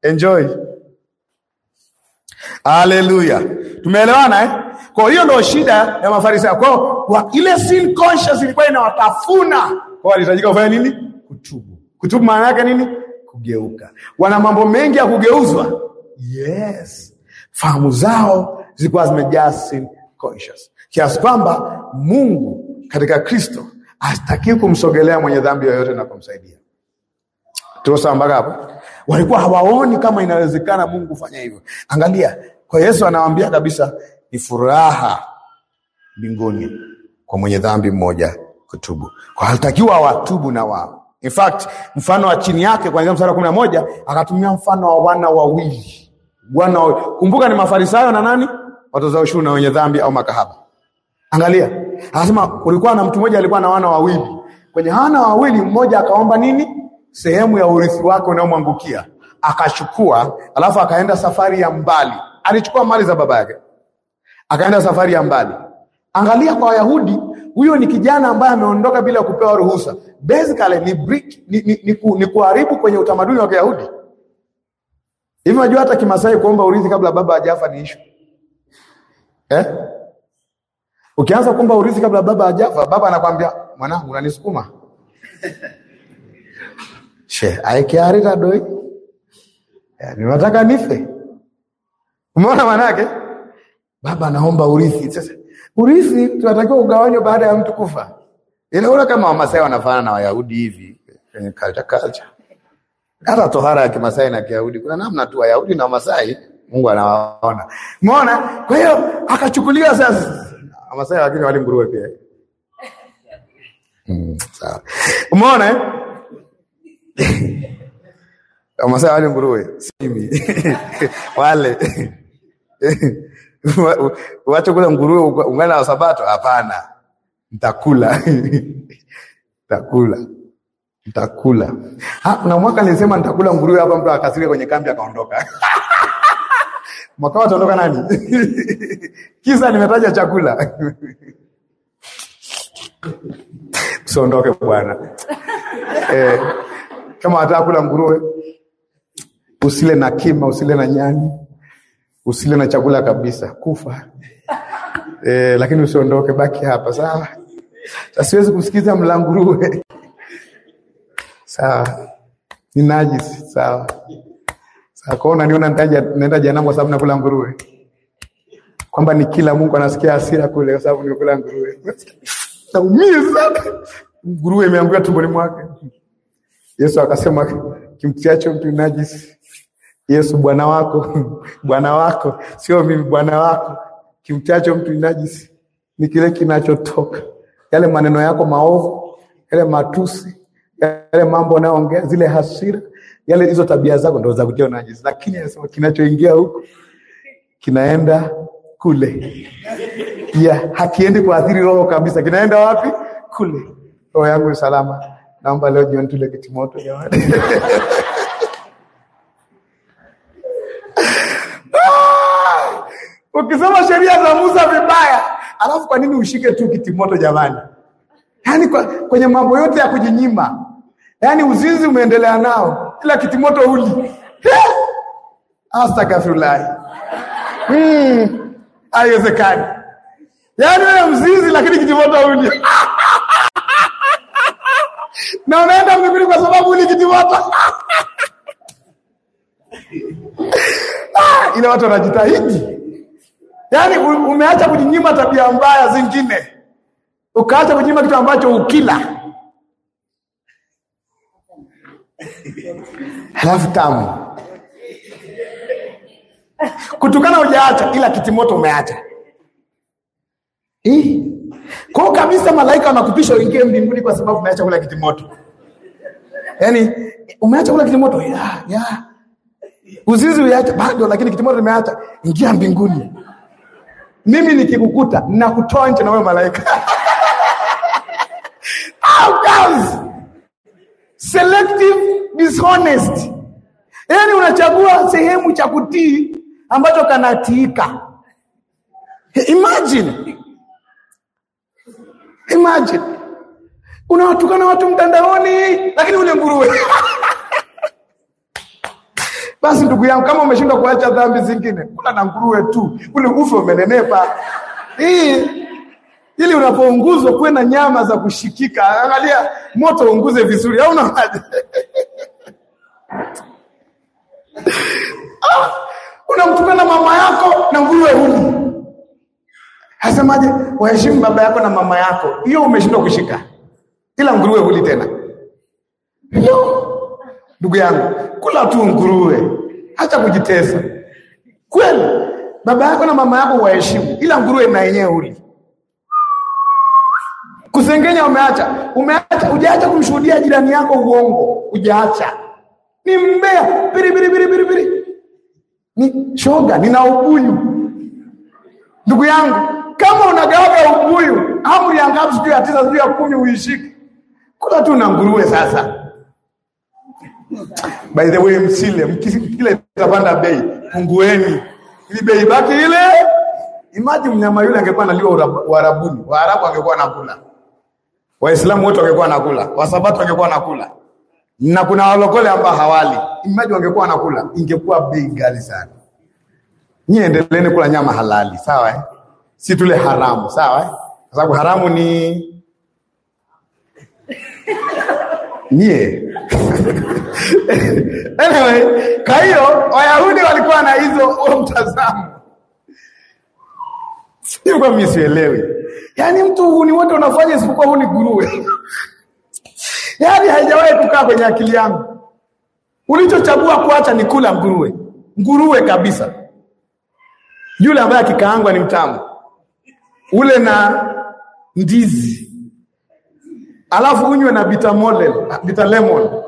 enjoy. Haleluya, tumeelewana eh? Kwa hiyo ndio shida ya Mafarisayo hiyo ile sin conscious ilikuwa inawatafuna kwao, walihitajika kufanya nini? Kutubu. Kutubu maana yake nini? Kugeuka. Wana mambo mengi ya kugeuzwa. Yes, fahamu zao zilikuwa zimejaa sin conscious kiasi kwamba Mungu katika Kristo hastaki kumsogelea mwenye dhambi yoyote na kumsaidia. Tuko sawa mpaka hapo? Walikuwa hawaoni kama inawezekana Mungu fanya hivyo. Angalia, kwa Yesu anawaambia kabisa, ni furaha mbinguni kwa mwenye dhambi mmoja kutubu, kwa alitakiwa watubu na wao. In fact, mfano wa chini yake kuanzia mstari wa kumi na moja akatumia mfano wa wana wawili wana, wawili. kumbuka ni Mafarisayo na nani, watoza ushuru na wenye dhambi au makahaba. Angalia, anasema kulikuwa na mtu mmoja alikuwa na wana wawili. Kwenye hana wawili, mmoja akaomba nini? Sehemu ya urithi wake unaomwangukia akachukua, alafu akaenda safari ya mbali. Alichukua mali za baba yake, akaenda safari ya mbali. Angalia, kwa Wayahudi huyo ni kijana ambaye ameondoka bila kupewa ruhusa. Basically ni brick, ni, ni, ni, ku, ni kuharibu kwenye utamaduni wa Kiyahudi. Hivi unajua hata Kimasai kuomba urithi kabla baba hajafa ni issue eh? Ukianza kuomba urithi kabla baba ajafa, baba anakwambia mwanangu, unanisukuma she aikiarita doi, eh, nimataka nife. Umeona manake baba anaomba urithi. Sasa urithi tunatakiwa ugawanywe baada ya mtu kufa, ila ule kama Wamasai wanafanana na Wayahudi hivi kwenye kalcha kalcha, hata tohara ya Kimasai na Kiyahudi kuna namna tu, Wayahudi na Wamasai Mungu anawaona. Umeona? Kwa hiyo akachukuliwa sasa Wamasai lakini wali nguruwe pia. Mm, Umeona eh? wali nguruwe, simi wale. Wacha kula nguruwe ungana na sabato? Hapana. ntakula ntakula ntakula. Na mwaka nisema ntakula nguruwe hapa mtu akasirika kwenye kambi akaondoka. Mwakao ataondoka nani? Kisa nimetaja chakula. Usiondoke bwana. Eh, kama wataka kula nguruwe, usile na kima, usile na nyani, usile na chakula kabisa, kufa. Eh, lakini usiondoke, baki hapa, sawa? Siwezi kusikiza mlanguruwe Sawa. Ni najisi, sawa. Kwao unaniona nenda jehanamu kwa sababu nakula nguruwe, kwamba ni kila Mungu anasikia hasira kule kwa sababu nimekula nguruwe. Naumia sana, nguruwe imeambiwa tumboni mwake. Yesu akasema kimtiacho mtu najisi, Yesu bwana wako bwana wako, sio mimi, bwana wako. Kimtiacho mtu najisi ni kile kinachotoka, yale maneno yako maovu, yale matusi, yale mambo unayoongea, zile hasira yale hizo tabia zako ndo za kutia unajisi, lakini anasema kinachoingia huku kinaenda kule pia, hakiendi kuathiri roho kabisa. Kinaenda wapi? Kule. Roho yangu ni salama. Naomba leo jioni tule kitimoto jamani. Ukisoma sheria za Musa vibaya, alafu kwa nini ushike tu kitimoto jamani? Yaani kwenye mambo yote ya kujinyima, yaani uzinzi umeendelea nao ila kitimoto huli astagfirullahi mm, haiwezekani yaani wewe mzizi lakini kitimoto huli na unaenda mbinguni kwa sababu uli kitimoto ah, ila watu wanajitahidi yaani umeacha kujinyima tabia mbaya zingine ukaacha kujinyima kitu ambacho ukila halafu tamu kutukana ujaacha ila kitimoto umeacha. Kwao kabisa, malaika wanakupisha uingie mbinguni kwa sababu umeacha kula kitimoto. Yaani umeacha kula kitimoto ya, ya. Uzizi uliacha bado, lakini kitimoto limeacha ingia mbinguni. Mimi nikikukuta nakutoa nje na wewe malaika selective dishonest, yaani unachagua sehemu cha kutii ambacho kanatiika. Imagine, imagine unawatukana watu mtandaoni, lakini ule nguruwe Basi ndugu yangu, kama umeshindwa kuacha dhambi zingine, kula na nguruwe tu, ule ufe umenenepa hii ili unapounguzwa kuwe na nyama za kushikika. Angalia moto unguze vizuri, au una ah, unamtukana mama yako na nguruwe humu. asemaje waheshimu baba yako na mama yako, hiyo umeshindwa kushika, ila nguruwe huli tena. Hiyo ndugu yangu, kula tu nguruwe, hata kujitesa. Kweli baba yako na mama yako waheshimu, ila nguruwe na yenyewe huli Kusengenya umeacha, umeacha, hujaacha kumshuhudia jirani yako uongo, hujaacha. Ni mbea biri biri biri biri biri, ni shoga, nina ubuyu. Ndugu yangu, kama unagawa ubuyu, amri ya ngapi? Sijui ya tisa, sijui ya kumi, uishike kula tu na nguruwe. Sasa by the way, msile mkile, itapanda bei, pungueni ili bei baki ile. Imagine mnyama yule angekuwa analiwa Uarabuni, Waarabu angekuwa anakula Waislamu wote wangekuwa nakula, Wasabato wangekuwa nakula na kuna walokole ambao hawali. Imagine wangekuwa nakula, ingekuwa bei ghali sana. Nyie endeleeni kula nyama halali, sawa eh? Si tule haramu, sawa eh? Kwa sababu haramu ni nyie anyway, kwa hiyo Wayahudi walikuwa na hizo huo mtazamo, sio kwa mimi sielewi Yaani mtu huni wote unafanya isipokuwa huni nguruwe. Yaani haijawahi kukaa kwenye akili yangu. Ulichochagua kuacha ni kula nguruwe. Nguruwe kabisa. Yule ambaye akikaangwa ni mtamu. Ule na ndizi. Alafu unywe na bita model, bita lemon.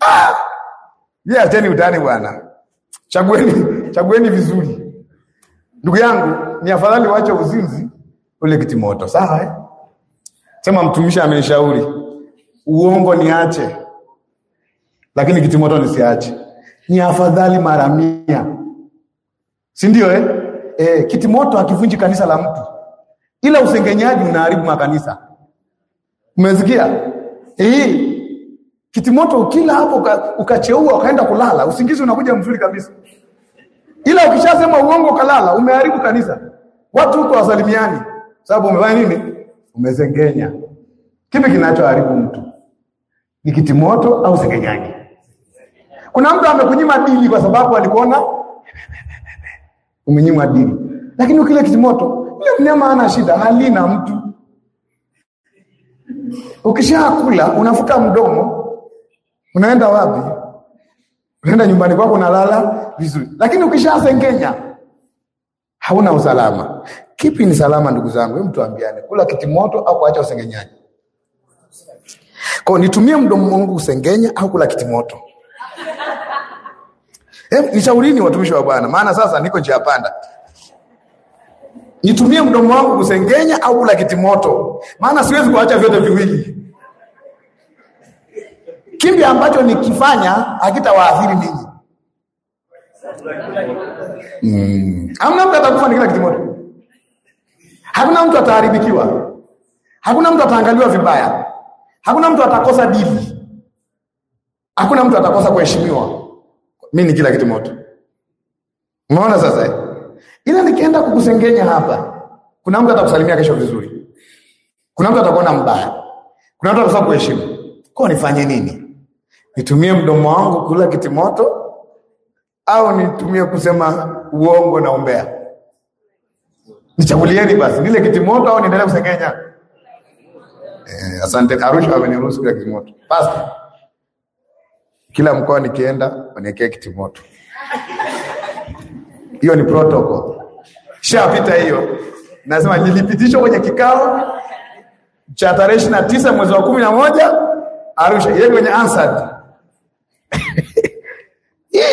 Ah! Yes, utani bwana. Chagueni, chagueni vizuri. Ndugu yangu, ni afadhali waache uzinzi ule kitimoto. Sawa eh? Sema mtumishi amenishauri uongo niache, lakini kitimoto nisiache. Ni afadhali mara mia, si ndio eh? eh kiti kitimoto akivunji kanisa la mtu, ila usengenyaji unaharibu makanisa. Umesikia Kiti Kitimoto ukila hapo ukacheua ukaenda kulala, usingizi unakuja mzuri kabisa. Ila ukishasema uongo kalala, umeharibu kanisa. Watu huko wasalimiani, sababu umefanya nini? Umezengenya. Kipi kinachoharibu mtu? Ni kitimoto au sengenyaji? Kuna mtu amekunyima dili kwa sababu alikuona umenyimwa dili, lakini ukile kitimoto ile mnyama ana shida, halina mtu. Ukishakula unafuta mdomo, unaenda wapi? Unaenda nyumbani kwako, unalala vizuri lakini ukishasengenya hauna usalama. Kipi ni salama, ndugu zangu? Hebu tuambiane, kula kitimoto au kuacha usengenyaji? Kwa nitumie mdomo wangu kusengenya au kula kitimoto? Hebu nishaurini, watumishi wa Bwana, maana sasa niko njia panda. Nitumie mdomo wangu kusengenya au kula kitimoto? Maana siwezi kuacha vyote viwili. Kimbi ambacho nikifanya hakitawaathiri ninyi Mm. Hamna mtu atakufa nikila kila kitu moja. Hakuna mtu ataharibikiwa. Hakuna mtu ataangaliwa vibaya. Hakuna mtu atakosa dili. Hakuna mtu atakosa kuheshimiwa. Mimi ni kila kitu moto. Umeona sasa? Ila nikienda kukusengenya hapa, kuna mtu atakusalimia kesho vizuri. Kuna mtu atakuona mbaya. Kuna mtu atakosa kuheshimu. Kwa nifanye nini? Nitumie mdomo wangu kula kitimoto au nitumie kusema uongo na umbea? Nichagulieni basi, nile kitimoto au niendelee kusengenya? Eh, asante. Arusha ameniruhusu kila kitimoto. Pastor, kila mkoa nikienda waniwekee kitimoto. Hiyo ni protocol, shapita hiyo. Nasema nilipitishwa kwenye kikao cha tarehe ishirini na tisa mwezi wa kumi na moja Arusha, ile kwenye Ansad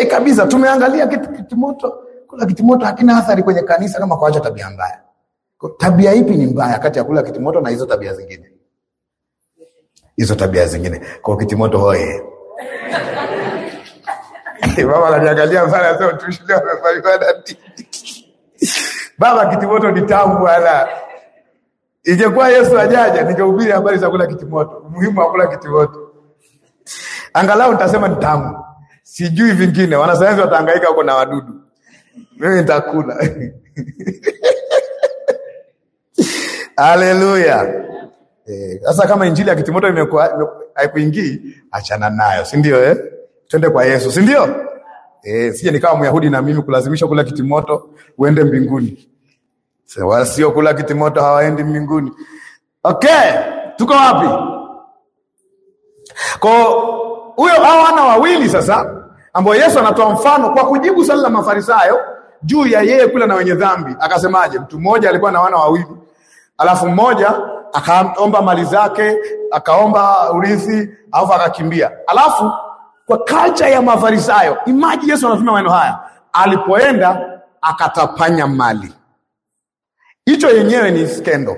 Kweli kabisa tumeangalia kitu kitimoto, kula kitimoto hakina athari kwenye kanisa kama kuacha tabia mbaya. Tabia ipi ni mbaya kati ya kula kitimoto na hizo tabia zingine? Hizo tabia zingine. Kwa kitimoto hoye. Baba ananiangalia sana sasa tushinde amefanywa na Baba kitimoto ni tamu bwana. Ingekuwa Yesu ajaja ningehubiri habari za kula kitimoto. Muhimu wa kula kitimoto. Angalau nitasema ni tamu sijui vingine. Wanasayansi wataangaika huko na wadudu, mimi nitakula. Haleluya! Eh, sasa e, kama injili ya kitimoto haikuingii, achana nayo, si ndio eh? Twende kwa Yesu, si ndio eh, Sije nikawa Myahudi na mimi kulazimisha kula kitimoto uende mbinguni. kula kitimoto hawaendi mbinguni. Okay, tuko wapi? ko huyo hao wana wawili sasa ambao Yesu anatoa mfano kwa kujibu swali la Mafarisayo juu ya yeye kula na wenye dhambi. Akasemaje? Mtu mmoja alikuwa na wana wawili, alafu mmoja akaomba mali zake, akaomba urithi, alafu akakimbia. Alafu kwa kacha ya Mafarisayo, imaji Yesu anatumia maneno haya, alipoenda akatapanya mali. Hicho yenyewe ni skendo,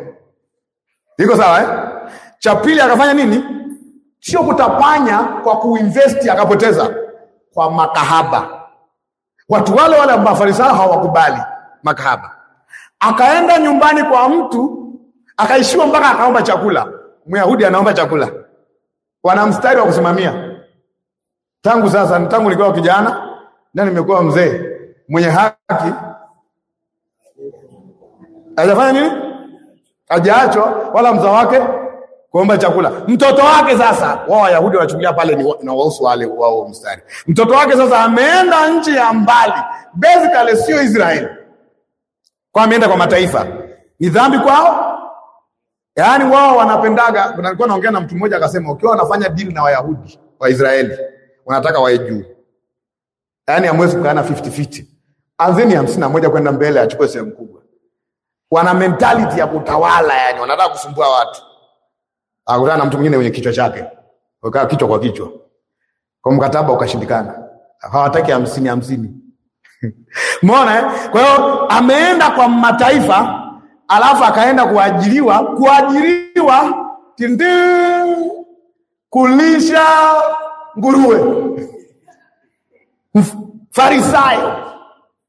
iko sawa eh? Cha pili akafanya nini? sio kutapanya kwa kuinvesti akapoteza kwa makahaba. Watu wale wale Farisayo hawakubali makahaba. Akaenda nyumbani kwa mtu akaishiwa mpaka akaomba chakula. Myahudi anaomba chakula, wana mstari wa kusimamia. Tangu sasa, tangu nilikuwa kijana na nimekuwa mzee mwenye haki hajafanya nini, hajaachwa wala mzaa wake kuomba chakula. Mtoto wake sasa, wao Wayahudi wanachukulia pale ni na wahusu wale wao mstari. Mtoto wake sasa ameenda nchi ya mbali, basically sio Israeli, kwa ameenda kwa mataifa, ni dhambi kwao. Yaani wao wanapendaga. Nilikuwa naongea na mtu mmoja akasema, ukiwa wanafanya dili na Wayahudi wa Israeli wanataka wae juu, yaani amwezi kukaana 50-50. Anzeni hamsini na moja kwenda mbele, achukue sehemu kubwa. Wana mentality ya kutawala, yani wanataka kusumbua watu akutana na mtu mwingine mwenye kichwa chake, ukawa kichwa kwa kichwa, kwa mkataba ukashindikana. Hawataki hamsini hamsini mona. Eh? Kwa hiyo ameenda kwa mataifa, alafu akaenda kuajiriwa, kuajiriwa tindi kulisha nguruwe, Farisayo,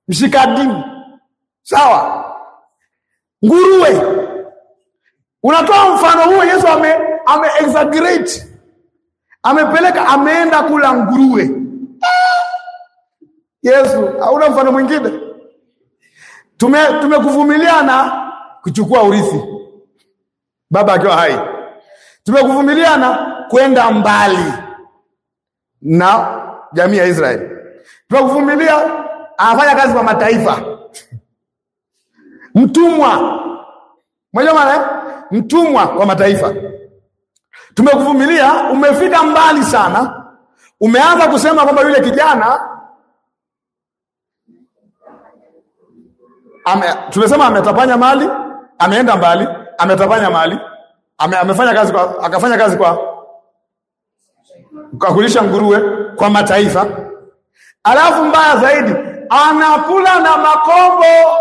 mshikadini, sawa, nguruwe Unatoa mfano huo, Yesu ame, ame exaggerate amepeleka, ameenda kula nguruwe. Ah! Yesu, hauna mfano mwingine? Tume tumekuvumilia na kuchukua urithi, baba akiwa hai, tumekuvumilia na kwenda mbali na jamii ya Israeli, tumekuvumilia anafanya kazi kwa mataifa, mtumwa mwenye maana mtumwa wa mataifa. Tumekuvumilia, umefika mbali sana. Umeanza kusema kwamba yule kijana ame, tumesema ametapanya mali, ameenda mbali, ametapanya mali, ame, amefanya kazi kwa, akafanya kazi kwa kwa nguruwe kwa mataifa, alafu mbaya zaidi anakula na makombo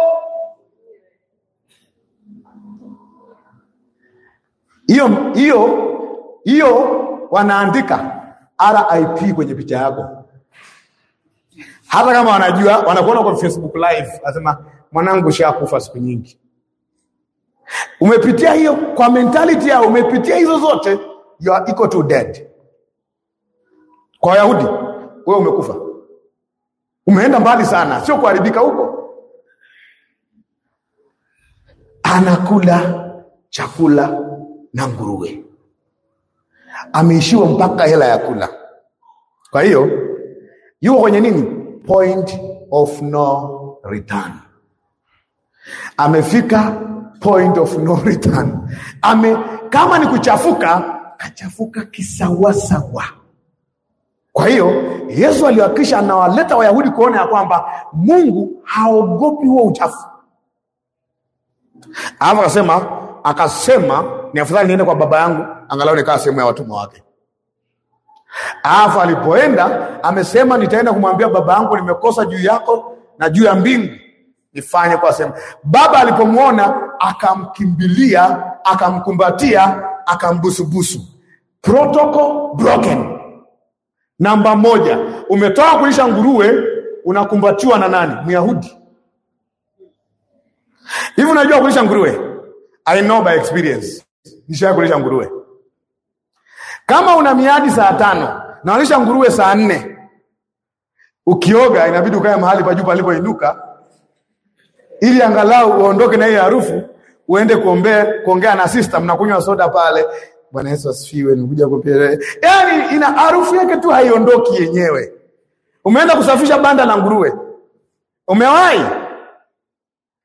hiyo hiyo hiyo, wanaandika RIP kwenye picha yako, hata kama wanajua wanakuona kwa Facebook live, nasema mwanangu shakufa siku nyingi. Umepitia hiyo kwa mentality yao, umepitia hizo zote, you are equal to dead. Kwa Wayahudi wewe umekufa, umeenda mbali sana, sio kuharibika huko. Anakula chakula na nguruwe, ameishiwa mpaka hela ya kula. Kwa hiyo yuko kwenye nini? Point of no return. Amefika point of no return. Ame, kama ni kuchafuka, kachafuka kisawasawa. Kwa hiyo Yesu aliwakisha anawaleta Wayahudi kuona ya kwamba Mungu haogopi huo uchafu, alafu akasema akasema ni afadhali niende kwa baba yangu, angalau nikaa sehemu ya watumwa wake. Alafu alipoenda amesema, nitaenda kumwambia baba yangu, nimekosa juu yako na juu ya mbingu, nifanye kwa sehemu. Baba alipomwona akamkimbilia, akamkumbatia, akambusubusu. Protocol broken. Namba moja, umetoka kulisha nguruwe, unakumbatiwa na nani? Myahudi. Hivi unajua kulisha nguruwe I know by experience. Nisha kulisha nguruwe. Kama una miadi saa tano naalisha nguruwe saa nne, ukioga inabidi ukae mahali pa juu palipoinuka, ili angalau uondoke na hiyo harufu, uende kuombea kuongea na sister, mnakunywa soda pale. Bwana Yesu asifiwe, nikuja kupelele. Yaani ina harufu yake tu haiondoki yenyewe. Umeenda kusafisha banda la nguruwe, umewahi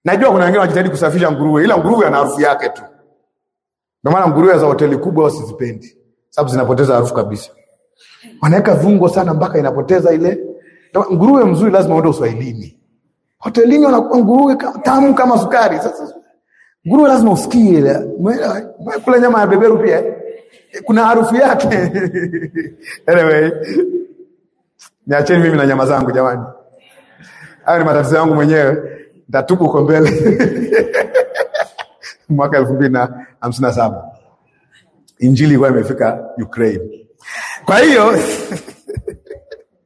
Najua kuna wengine wanajitahidi kusafisha nguruwe, ila nguruwe ana harufu yake tu. Ndio maana nguruwe za hoteli kubwa wasizipendi, sababu zinapoteza harufu kabisa. Wanaweka viungo sana mpaka inapoteza ile. Nguruwe mzuri lazima uende Uswahilini. Hotelini wanakuwa nguruwe tamu kama sukari. Sasa nguruwe lazima usikie ile. Mwelewa, Kula nyama ya beberu pia kuna harufu yake. Anyway, niacheni mimi na nyama zangu jamani. Hayo ni matatizo yangu mwenyewe. Datubu uko mbele mwaka elfu mbili na hamsini na saba injili ilikuwa imefika Ukraine. Kwa hiyo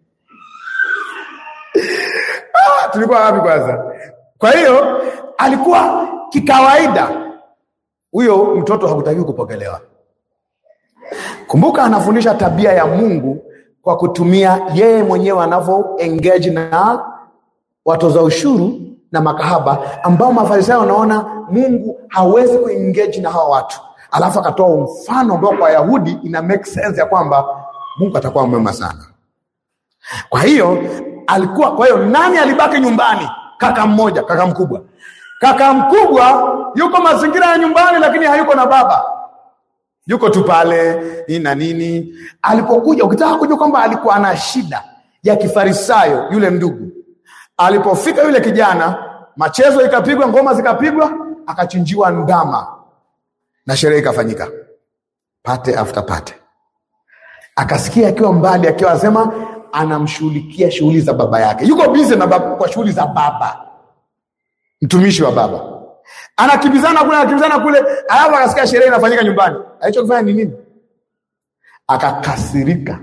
ah, tulikuwa wapi kwanza? Kwa hiyo alikuwa kikawaida, huyo mtoto hakutakiwi kupokelewa. Kumbuka anafundisha tabia ya Mungu kwa kutumia yeye mwenyewe anavyo engage na watoza ushuru na makahaba ambao mafarisayo wanaona Mungu hawezi kuengage na hawa watu, alafu akatoa mfano ambao kwa Wayahudi ina make sense ya kwamba Mungu atakuwa mwema sana. Kwa hiyo alikuwa, kwa hiyo nani alibaki nyumbani? Kaka mmoja, kaka mkubwa. Kaka mkubwa yuko mazingira ya nyumbani, lakini hayuko na baba, yuko tu pale nini na nini. Alipokuja, ukitaka kujua kwamba alikuwa ana shida ya kifarisayo, yule ndugu alipofika yule kijana machezo ikapigwa, ngoma zikapigwa, akachinjiwa ndama na sherehe ikafanyika, pate after pate. Akasikia akiwa mbali, akiwa anasema anamshughulikia shughuli za baba yake, yuko bize na baba, kwa shughuli za baba, mtumishi wa baba, anakimbizana kule, anakimbizana kule, alafu akasikia sherehe inafanyika nyumbani. Alichokifanya ni nini? Akakasirika.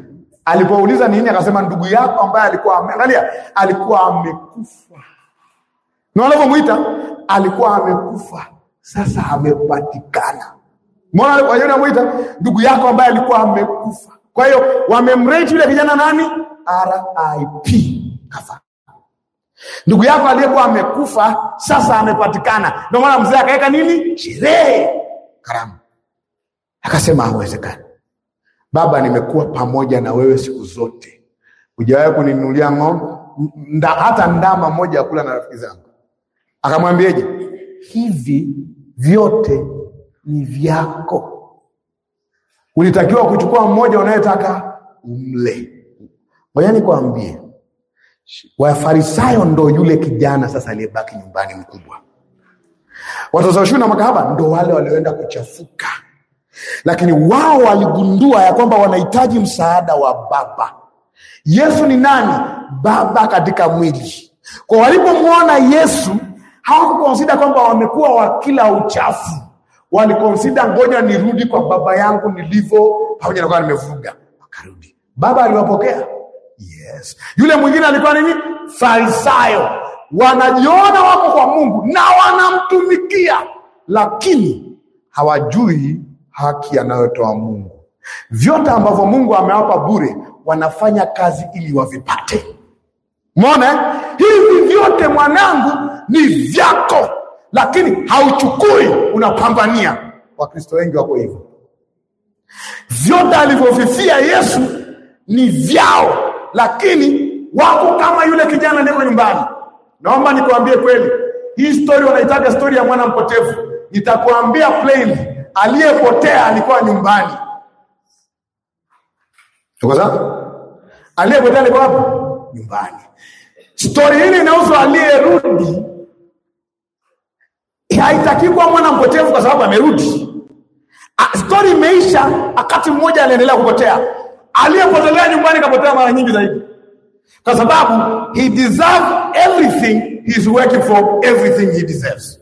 Alipouliza ni nini, akasema ndugu yako ambaye alikuwa angalia, alikuwa amekufa na wanavyomwita alikuwa amekufa, sasa amepatikana. Mbona wenyewe namwita ndugu yako ambaye alikuwa amekufa. Kwa hiyo wamemrejea yule kijana nani? RIP kafa. Ndugu yako aliyekuwa amekufa sasa amepatikana. Ndio maana mzee akaweka nini? Sherehe, karamu. Akasema hawezekani. Baba, nimekuwa pamoja na wewe siku zote, hujawahi kuninunulia ng'ombe nda, hata ndama moja ya kula na rafiki zangu Akamwambiaje? hivi vyote ni vyako, ulitakiwa kuchukua mmoja unayetaka umle. Ngoja nikwambie, Wafarisayo ndo yule kijana sasa aliyebaki nyumbani mkubwa, watoza ushuru na makahaba ndo wale walioenda kuchafuka, lakini wao waligundua ya kwamba wanahitaji msaada wa Baba. Yesu ni nani? Baba katika mwili. Kwa walipomwona Yesu Hawakukonsida kwamba wamekuwa wakila uchafu, walikonsida ngoja nirudi kwa baba yangu nilivyo, pamoja nakuwa nimevuga. Wakarudi, baba aliwapokea. Yes, yule mwingine alikuwa nini? Farisayo, wanajiona wako kwa Mungu na wanamtumikia, lakini hawajui haki anayotoa Mungu. Vyote ambavyo Mungu amewapa bure, wanafanya kazi ili wavipate. Mwona hivi vyote mwanangu, ni vyako, lakini hauchukui, unapambania. Wakristo wengi wako hivyo, vyote alivyovifia Yesu ni vyao, lakini wako kama yule kijana leo nyumbani. Naomba nikuambie kweli, hii story wanaitaga story ya mwana mpotevu. Nitakuambia plainly, aliyepotea alikuwa nyumbani. Tuko sawa? Aliyepotea alikuwa wapi? Nyumbani. Stori hili inahusu aliyerudi, haitaki kuwa mwana mpotevu kwa sababu amerudi. Stori imeisha, wakati mmoja anaendelea kupotea. Aliyepotelea nyumbani kapotea mara nyingi zaidi, kwa sababu he deserves everything, he is working for everything he deserves.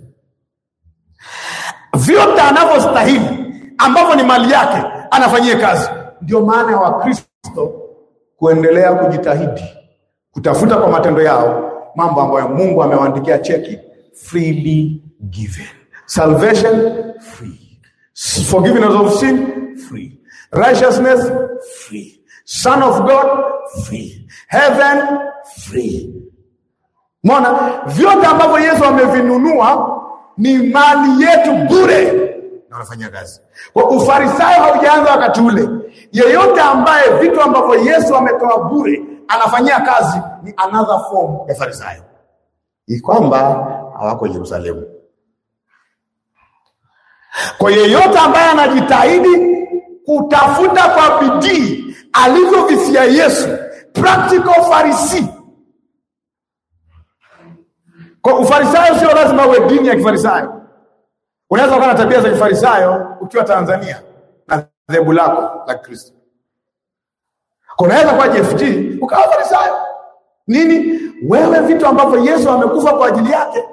Vyote anavyostahili ambavyo ni mali yake anafanyia kazi. Ndio maana ya Wakristo kuendelea kujitahidi kutafuta kwa matendo yao mambo ambayo Mungu amewaandikia cheki freely given. Salvation free. Forgiveness of sin free. Righteousness free. Son of God free. Heaven free. Mona vyote ambavyo Yesu amevinunua ni mali yetu bure na wanafanya kazi. Kwa Ufarisayo haujaanza wakati ule. Yeyote ambaye vitu ambavyo Yesu ametoa bure anafanyia kazi ni another form ya Farisayo, ni kwamba hawako Yerusalemu. Kwa yeyote ambaye anajitahidi kutafuta kwa bidii alivyofisia Yesu, practical Farisi. Kwa ufarisayo sio lazima uwe dini ya kifarisayo. Unaweza ukawa na tabia za kifarisayo ukiwa Tanzania na dhehebu lako la Kristo unaweza kuwa JFG ukawa Farisayo. Nini wewe, vitu ambavyo Yesu amekufa kwa ajili yake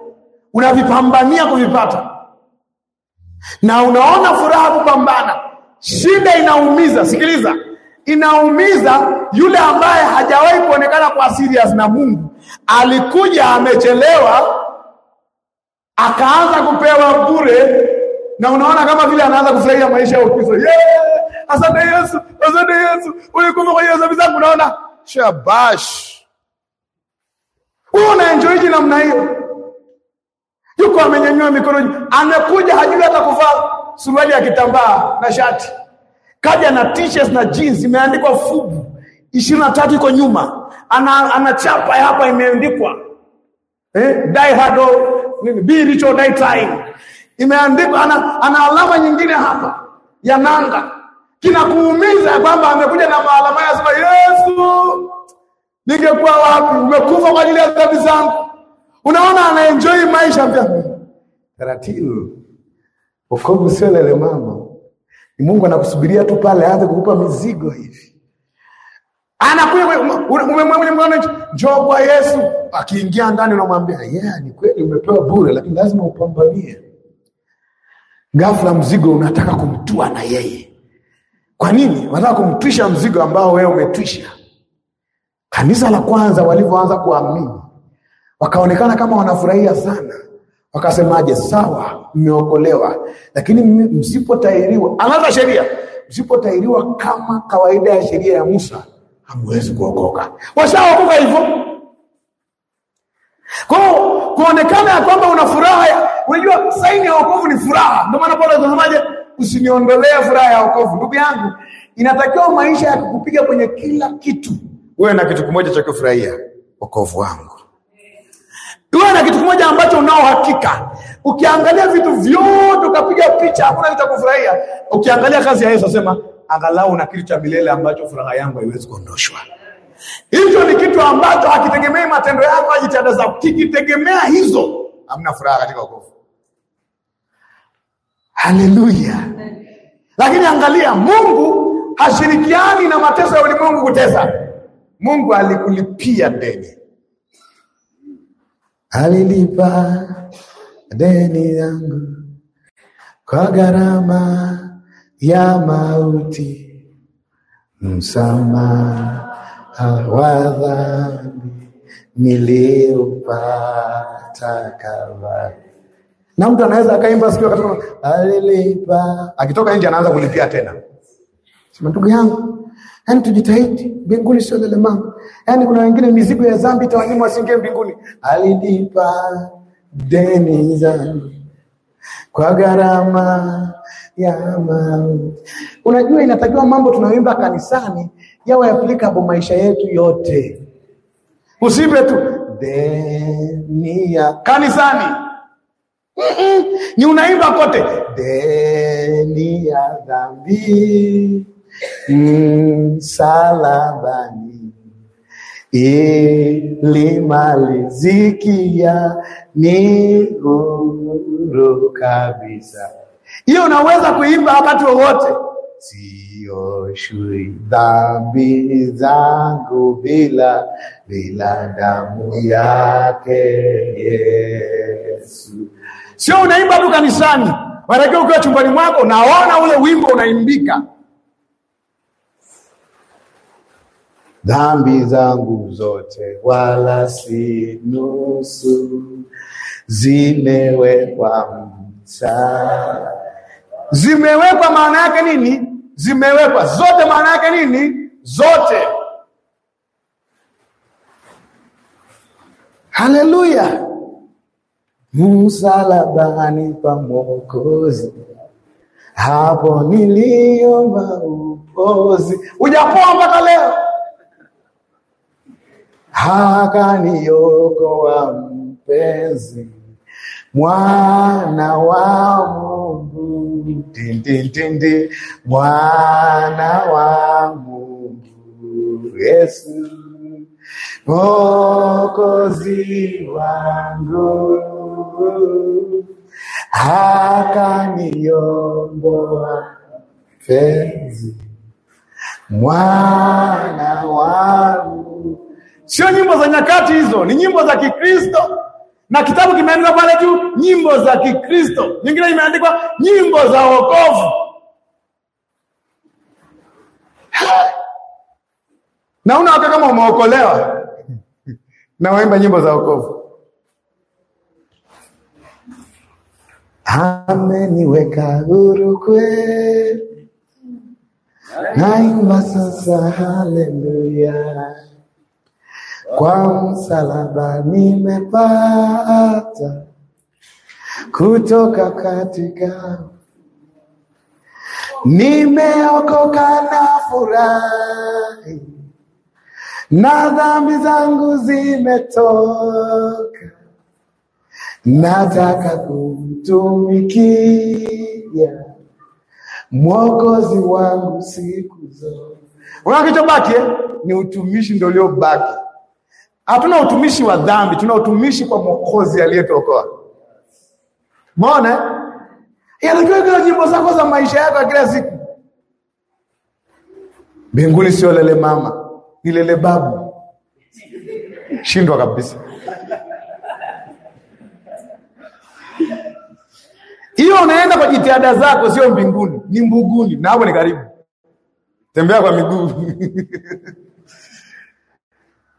unavipambania kuvipata, na unaona furaha kupambana. Shida inaumiza. Sikiliza, inaumiza yule ambaye hajawahi kuonekana kwa serious na Mungu. Alikuja amechelewa, akaanza kupewa bure, na unaona kama vile anaanza kufurahia maisha ya Ukristo. yeah! asante Yesu, asante Yesu, ulikufa kwa hiyo dhambi zangu. Naona shabash, wewe unaenjoyje namna hiyo? Yuko amenyanyua mikono juu, anakuja hajui hata kuvaa suruali ya kitambaa na shati, kaja na t-shirts na jeans imeandikwa fubu ishirini na tatu iko nyuma, ana anachapa hapa imeandikwa eh, die hard nini, be rich or die trying, imeandikwa ana, ana alama nyingine hapa ya nanga kinakuumiza kwamba amekuja na maalama ya sema, Yesu, ningekuwa wapi? Umekufa kwa ajili ya dhambi zangu. Unaona, anaenjoy maisha pia taratibu. Wokovu sio lele mama, ni Mungu anakusubiria tu pale, aanze kukupa mizigo hivi anakuja njoo kwa Yesu. Akiingia ndani unamwambia yeah, ni kweli umepewa bure, lakini lazima upambanie. Ghafla mzigo unataka kumtua na yeye kwa nini wanataka kumtwisha mzigo ambao wewe umetwisha? Kanisa la kwanza walivyoanza kuamini, wakaonekana kama wanafurahia sana, wakasemaje? Sawa, mmeokolewa, lakini msipotahiriwa, anaza sheria, msipotahiriwa kama kawaida ya sheria ya Musa hamwezi kuokoka. Washaokoka hivyo kwao, kuonekana ya kwamba una furaha. Unajua saini ya wokovu ni furaha, ndio maana Paulo anasemaje usiniondolee furaha ya wokovu. Ndugu yangu, inatakiwa maisha ya kukupiga kwenye kila kitu, uwe na kitu kimoja cha kufurahia, wokovu wangu. Uwe na kitu kimoja ambacho unao hakika. Ukiangalia vitu vyote ukapiga picha, hakuna kitu cha kufurahia. Ukiangalia kazi ya Yesu asema, angalau na kitu cha milele ambacho furaha yangu haiwezi kuondoshwa. Hicho ni kitu ambacho hakitegemei matendo yako, ajitadaza. Kikitegemea hizo, hamna furaha katika wokovu. Haleluya! Lakini angalia, Mungu hashirikiani na mateso ya ulimwengu kutesa. Mungu alikulipia deni, alilipa deni yangu kwa gharama ya mauti, msamaha wa dhambi niliupata kabla na mtu anaweza akaimba sikio akatoka alilipa, akitoka nje anaanza kulipia tena. Sema ndugu yangu, yani tujitahidi, mbinguni sio lele mama. Yani kuna wengine mizigo ya dhambi tawanyima wasingie mbinguni. Alilipa deni zangu kwa gharama ya mauti. Unajua, inatakiwa mambo tunayoimba kanisani yawe applicable maisha yetu yote, usipe tu deni ya kanisani Mm-mm. Ni unaimba kote deni ya dhambi msalabani ili malizikia ni huru kabisa. Hiyo unaweza kuimba wakati wowote. sioshui dhambi zangu bila bila damu yake Yesu sio unaimba tu kanisani, watakiwa ukiwa chumbani mwako naona ule wimbo unaimbika. Dhambi zangu zote wala si nusu, zimewekwa msala. Zimewekwa maana yake nini? Zimewekwa zote maana yake nini? Zote. Haleluya! msalabani pa Mwokozi, hapo niliomba upozi. Hujapoa mpaka leo, akaniokoa mpenzi, mwana wa Mungu, tindindindi, mwana wa Mungu Yesu, mwokozi wangu akaniongoa penzi mwana wangu. Sio nyimbo za nyakati hizo, ni nyimbo za Kikristo na kitabu kimeandikwa pale juu, nyimbo za Kikristo, nyingine imeandikwa nyimbo za wokovu. Naona waka kama umeokolewa na waimba nyimbo za wokovu ameniweka huru kweli, naimba sasa haleluya, kwa msalaba nimepata kutoka katika, nimeokoka na furahi, na dhambi zangu zimetoka Nataka kumtumikia Mwokozi wangu siku zote. Unaona kilichobaki eh? ni utumishi, ndio uliobaki. Hatuna utumishi wa dhambi, tuna utumishi kwa Mwokozi aliyetuokoa. Umeona, yanatuweka eh? nyimbo zako za maisha yako ya kila siku. Mbinguni sio lele mama, ni lele babu. Shindwa kabisa. Unajua unaenda kwa jitihada zako, sio mbinguni, ni mbuguni, na hapo ni karibu. Tembea kwa miguu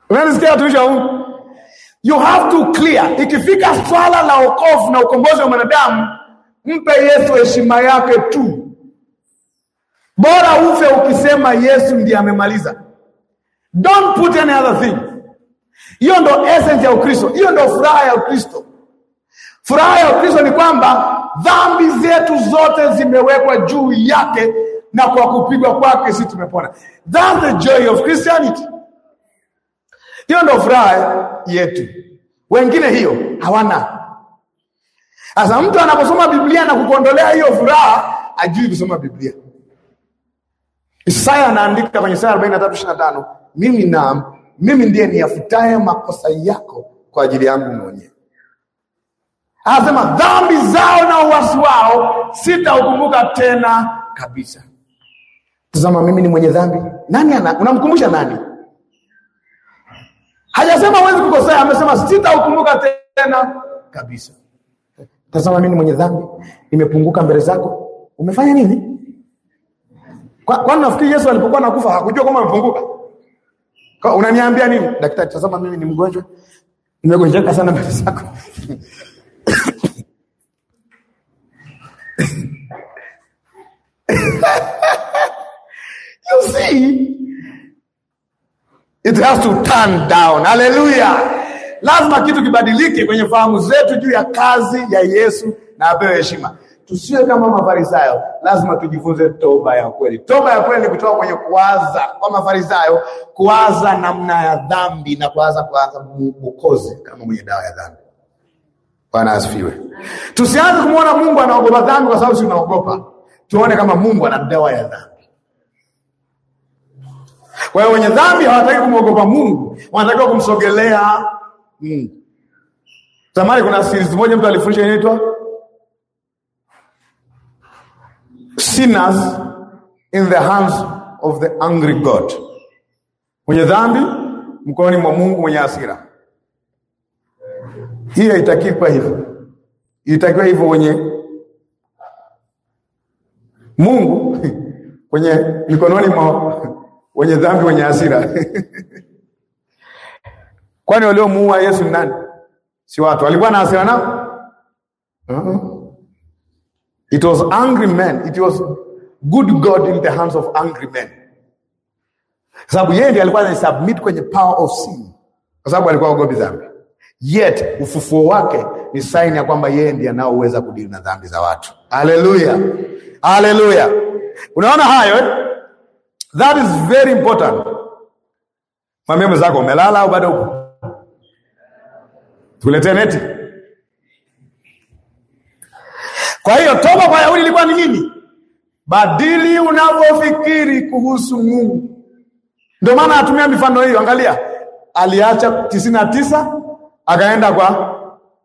unanisikia watumishi wa Mungu? You have to clear. Ikifika swala la wokovu na ukombozi wa mwanadamu, mpe Yesu heshima yake tu. Bora ufe ukisema Yesu ndiye amemaliza. Don't put any other thing. Hiyo ndo essence ya Ukristo, hiyo ndo furaha ya Ukristo. Furaha ya Ukristo ni kwamba dhambi zetu zote zimewekwa juu yake, na kwa kupigwa kwake sisi tumepona. That's the joy of Christianity. Hiyo ndio furaha yetu, wengine hiyo hawana. Sasa mtu anaposoma Biblia na kukondolea hiyo furaha, ajui kusoma Biblia. Isaya anaandika kwenye Isaya 43:25, mimi na mimi ndiye niyafutaye makosa yako kwa ajili yangu mwenyewe anasema dhambi zao na uasi wao sitaukumbuka tena kabisa. Tazama, mimi ni mwenye dhambi. Nani ana, unamkumbusha nani? Hajasema huwezi kukosea, amesema sitaukumbuka tena kabisa. Tazama, mimi ni mwenye dhambi, nimepunguka mbele zako. Umefanya nini? Kwani kwa nafikiri Yesu alipokuwa nakufa hakujua kama amepunguka? Kwa unaniambia nini daktari? Tazama, mimi ni mgonjwa, nimegonjeka sana mbele zako see it has to turn down. Hallelujah. Lazima kitu kibadilike kwenye fahamu zetu juu ya kazi ya Yesu na apewe heshima. Tusiwe kama Mafarisayo, lazima tujifunze toba ya kweli. Toba ya kweli ni kutoka kwenye kuwaza kwa Mafarisayo, kuwaza namna ya dhambi na kuwaza kuwaza mwokozi kama mwenye dawa ya dhambi. Bwana asifiwe. Tusianze kumwona Mungu anaogopa dhambi kwa sababu si tunaogopa, tuone kama Mungu ana dawa ya dhambi. Kwa hiyo wenye dhambi hawataki kumwogopa Mungu, wanatakiwa kumsogelea Mungu. Zamani kuna series moja mtu alifundisha inaitwa Sinners in the hands of the angry God, mwenye dhambi mkononi mwa Mungu mwenye hasira. Hii haitakiwa hivyo, ilitakiwa hivyo wenye Mungu kwenye mikononi mwa wenye dhambi, wenye hasira kwani waliomuua Yesu ni nani? Si watu alikuwa na hasira nao? Uh-huh. It was angry men. It was good God in the hands of angry men, sababu yeye ndiye alikuwa anasubmit kwenye power of sin, kwa sababu alikuwa ogopi dhambi. Yet ufufuo wake ni saini ya kwamba yeye ndiye anaoweza kudili na dhambi za watu. Haleluya, haleluya! Unaona hayo eh? That is very important. Mwambie mwenzako umelala au bado uko. Tuletee neti. Kwa hiyo toba kwa Yahudi ilikuwa ni nini? Badili unavyofikiri kuhusu Mungu. Ndio maana atumia mifano hiyo. Angalia, aliacha tisini na tisa akaenda kwa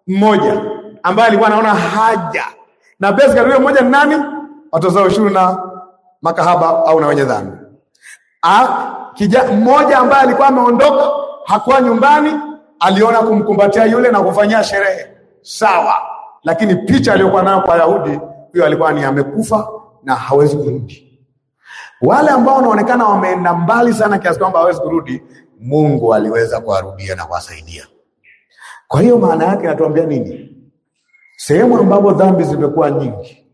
mmoja ambaye alikuwa anaona haja na basically huyo mmoja ni nani? Watoza ushuru na makahaba au na wenye dhambi kija mmoja ambaye alikuwa ameondoka hakuwa nyumbani, aliona kumkumbatia yule na kufanyia sherehe sawa, lakini picha aliyokuwa nayo kwa Yahudi huyo alikuwa ni amekufa na hawezi kurudi. Wale ambao wanaonekana wameenda mbali sana kiasi kwamba hawezi kurudi, Mungu aliweza kuwarudia na kuwasaidia. Kwa hiyo maana yake anatuambia nini? Sehemu ambapo dhambi zimekuwa nyingi,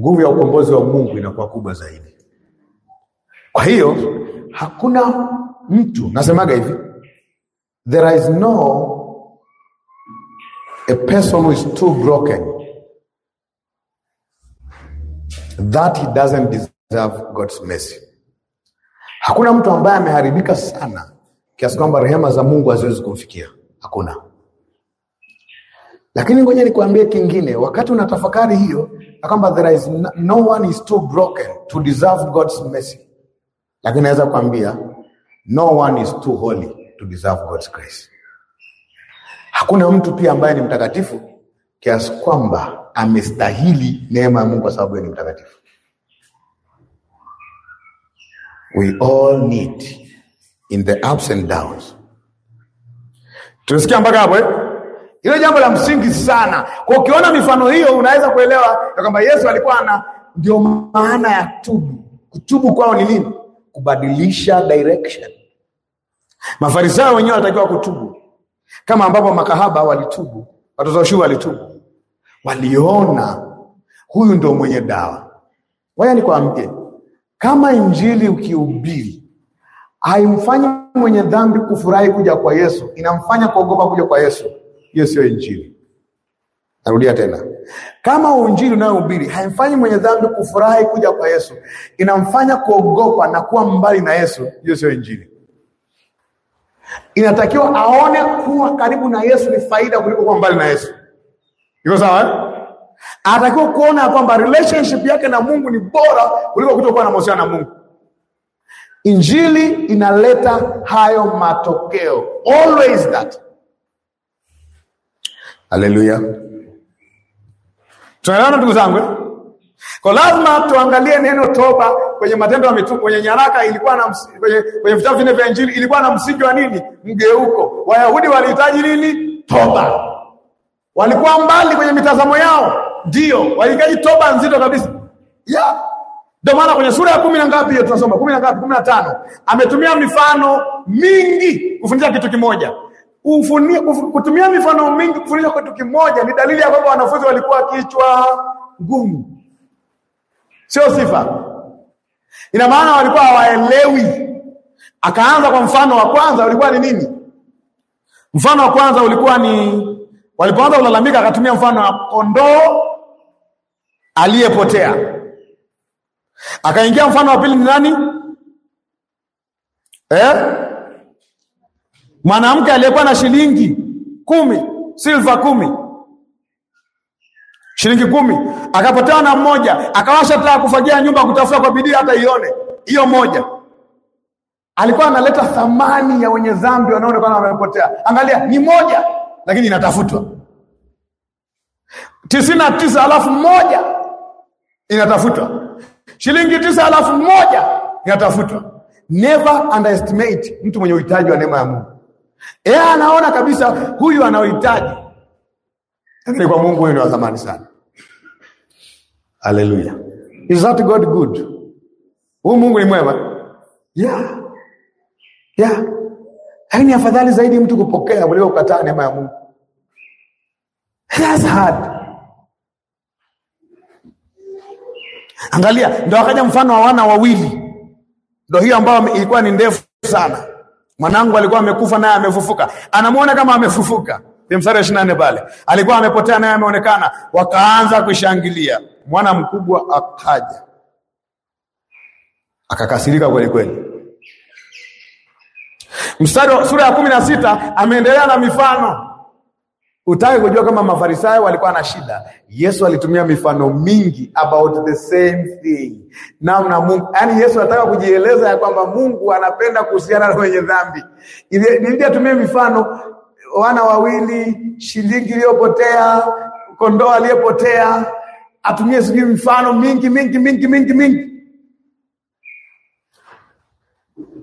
nguvu ya ukombozi wa Mungu inakuwa kubwa zaidi. Kwa hiyo hakuna mtu, nasemaga hivi, there is no a person who is too broken that he doesn't deserve God's mercy. Hakuna mtu ambaye ameharibika sana kiasi kwamba rehema za Mungu haziwezi kumfikia. Hakuna. Lakini ngoja nikuambie kingine, wakati unatafakari hiyo, na kwamba there is no one is too broken to deserve God's mercy lakini naweza kuambia no one is too holy to deserve God's grace. Hakuna mtu pia ambaye ni mtakatifu kiasi kwamba amestahili neema ya Mungu kwa sababu ni mtakatifu. We all need in the ups and downs. Tusikia mpaka hapo eh? Ile jambo la msingi sana. Kwa ukiona mifano hiyo unaweza kuelewa kwamba Yesu alikuwa na, ndio maana ya tubu. Kutubu kwao ni nini? kubadilisha direction. Mafarisayo wenyewe wanatakiwa kutubu kama ambapo makahaba walitubu, wa ushuru walitubu, waliona huyu ndo mwenye dawa. Waya nikwambie, kama injili ukihubiri haimfanyi mwenye dhambi kufurahi kuja kwa Yesu, inamfanya kuogopa kuja kwa Yesu, hiyo siyo injili. Narudia tena, kama unjili unayohubiri haimfanyi mwenye dhambi kufurahi kuja kwa Yesu, inamfanya kuogopa na kuwa mbali na Yesu, hiyo sio Injili. Inatakiwa aone kuwa karibu na Yesu ni faida kuliko kuwa mbali na Yesu. Iko sawa eh? Anatakiwa kuona kwamba relationship yake na Mungu ni bora kuliko kutokuwa na mahusiano na Mungu. Injili inaleta hayo matokeo, always that. Hallelujah. Tunaelewana ndugu zangu? Eh? Kwa lazima tuangalie neno toba kwenye matendo ya mitume, kwenye nyaraka ilikuwa na kwenye, kwenye vitabu vingine vya Injili ilikuwa na msingi wa nini? Mgeuko. Wayahudi walihitaji nini? Toba. Walikuwa mbali kwenye mitazamo yao, ndio walihitaji toba nzito kabisa ya ndio maana kwenye sura ya kumi na ngapi hiyo tunasoma kumi na ngapi? kumi na tano ametumia mifano mingi kufundisha kitu kimoja. Ufunia, uf, kutumia mifano mingi kufunisha kitu kimoja ni dalili ya kwamba wanafunzi walikuwa kichwa ngumu, sio sifa. Ina maana walikuwa hawaelewi. Akaanza kwa mfano wa kwanza, ulikuwa ni nini? Mfano wa kwanza ulikuwa ni walipoanza kulalamika, akatumia mfano wa kondoo aliyepotea. Akaingia mfano wa pili ni nani? eh Mwanamke aliyekuwa na shilingi kumi, silva kumi, shilingi kumi, akapotewa na mmoja, akawasha taa kufagia nyumba, kutafuta kwa bidii hata ione hiyo moja. Alikuwa analeta thamani ya wenye dhambi wanaonekana wamepotea. Angalia, ni moja lakini inatafutwa tisini na tisa alafu moja inatafutwa, shilingi tisa alafu moja inatafutwa. Never underestimate mtu mwenye uhitaji wa neema ya Mungu. Yeye anaona kabisa huyu anaohitaji, lakini kwa Mungu huyu ni wa zamani sana. Haleluya! Is that God good? Huyu Mungu ni mwema, yeah. Yeah. Lakini afadhali zaidi mtu kupokea kuliko kukataa neema ya Mungu. That's hard. Angalia, ndo akaja mfano wa wana wawili, ndo hiyo ambayo ilikuwa ni ndefu sana mwanangu alikuwa amekufa naye amefufuka, anamuona kama amefufuka. Ni mstari wa ishirini na nne pale, alikuwa amepotea naye ameonekana. Wakaanza kushangilia. Mwana mkubwa akaja akakasirika kweli kweli. Mstari sura ya kumi na sita ameendelea na mifano Utaki kujua kama Mafarisayo walikuwa na shida. Yesu alitumia mifano mingi about the same thing, namna Mungu, yani, Yesu anataka kujieleza ya kwamba Mungu anapenda kuhusiana na wenye dhambi. Nindi atumie mifano, wana wawili, shilingi iliyopotea, kondoo aliyepotea, atumie sijui mifano mingi mingi mingi mingi mingi.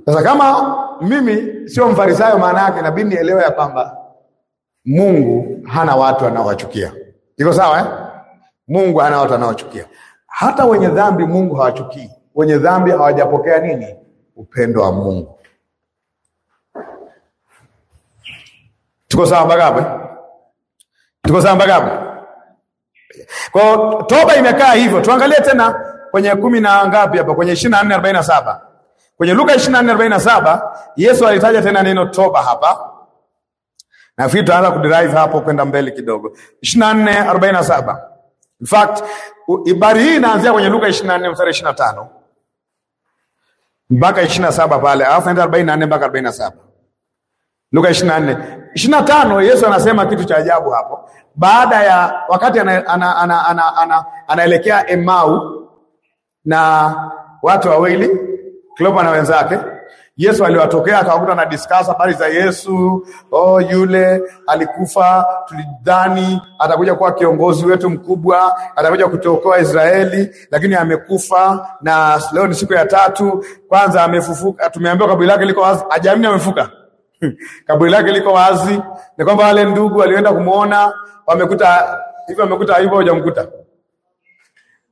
Sasa kama mimi sio Mfarisayo, maana yake inabidi nielewe ya kwamba Mungu hana watu anaowachukia. Iko sawa eh? Mungu hana watu anaowachukia. Hata wenye dhambi Mungu hawachukii. Wenye dhambi hawajapokea nini? Upendo wa Mungu. Tuko sawa mpaka hapo? Eh? Tuko sawa mpaka hapo? Kwa toba imekaa hivyo. Tuangalie tena kwenye kumi na ngapi hapa, kwenye ishirini na nne arobaini na saba kwenye Luka ishirini nne arobaini na saba Yesu alitaja tena neno toba hapa Nafikiri tutaanza kuderive hapo kwenda mbele kidogo. 24 47. In fact, ibari hii inaanzia kwenye Luka 24 mstari 25 mpaka 27 pale, alafu naenda 44 mpaka 47. Luka 24. 25 Yesu anasema kitu cha ajabu hapo. Baada ya wakati anaelekea ana, ana, ana, ana, ana Emau na watu wawili Klopa na wenzake Yesu aliwatokea akawakuta na discuss habari za Yesu. Oh, yule alikufa, tulidhani atakuja kuwa kiongozi wetu mkubwa, atakuja kutuokoa Israeli, lakini amekufa, na leo ni siku ya tatu. Kwanza amefufuka, tumeambiwa kaburi lake liko wazi, Ajamini amefuka kaburi lake liko wazi. Ni kwamba wale ndugu walienda kumwona wamekuta hivyo, wamekuta hivyo, hujamkuta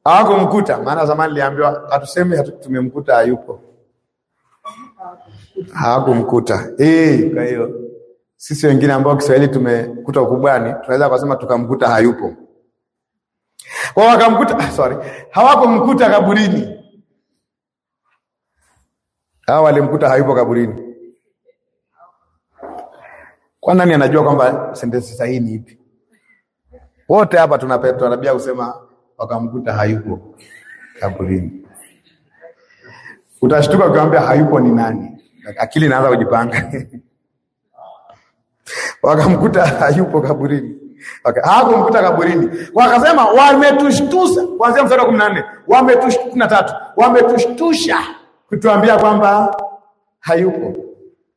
hawakumkuta. Maana zamani liambiwa, hatusemi tumemkuta, hayupo hawakumkuta. Eh, kwa hiyo sisi wengine ambao Kiswahili tumekuta ukubwani, tunaweza kusema tukamkuta hayupo. Kwa wakamkuta, ah, sorry, hawakumkuta kaburini. Hawa walimkuta hayupo kaburini. Kwa nani anajua kwamba sentensi sahihi ni ipi? Wote hapa tunatabia kusema wakamkuta hayupo kaburini. Utashtuka ukiwambia hayupo ni nani? akili inaanza kujipanga wakamkuta hayupo kaburini, hawakumkuta kaburini, wakasema wametushtusa Kuanzia mstari wa kumi na nne na tatu, wametushtusha kutuambia kwamba hayupo.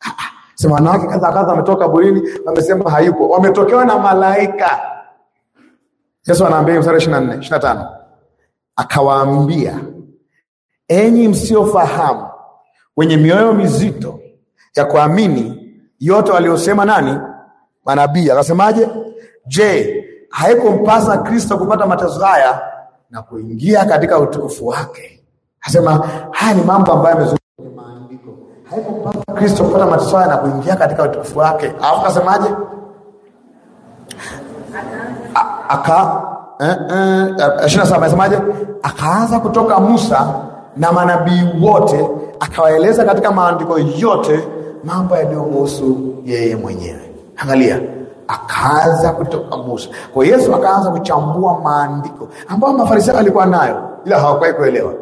Ah, ah. Sema wanawake kadha kadha wametoka kaburini, wamesema hayupo, wametokewa na malaika. Yesu anaambia mstari ishirini na nne ishirini na tano akawaambia enyi msiofahamu wenye mioyo mizito ya kuamini yote waliosema nani? Manabii. Akasemaje? Je, haikumpasa Kristo kupata mateso haya na kuingia katika utukufu wake? Akasema haya ni mambo ambayo yamezungumzwa kwenye maandiko. Haikumpasa Kristo kupata mateso haya na kuingia katika utukufu wake. Alafu akasemaje? Aka eh, eh, eh Akaanza kutoka Musa na manabii wote, akawaeleza katika maandiko yote mambo yaliyomhusu yeye mwenyewe. Angalia, akaanza kutoka Musa. Kwa Yesu akaanza kuchambua maandiko ambayo Mafarisayo alikuwa nayo, ila hawakuwahi kuelewa.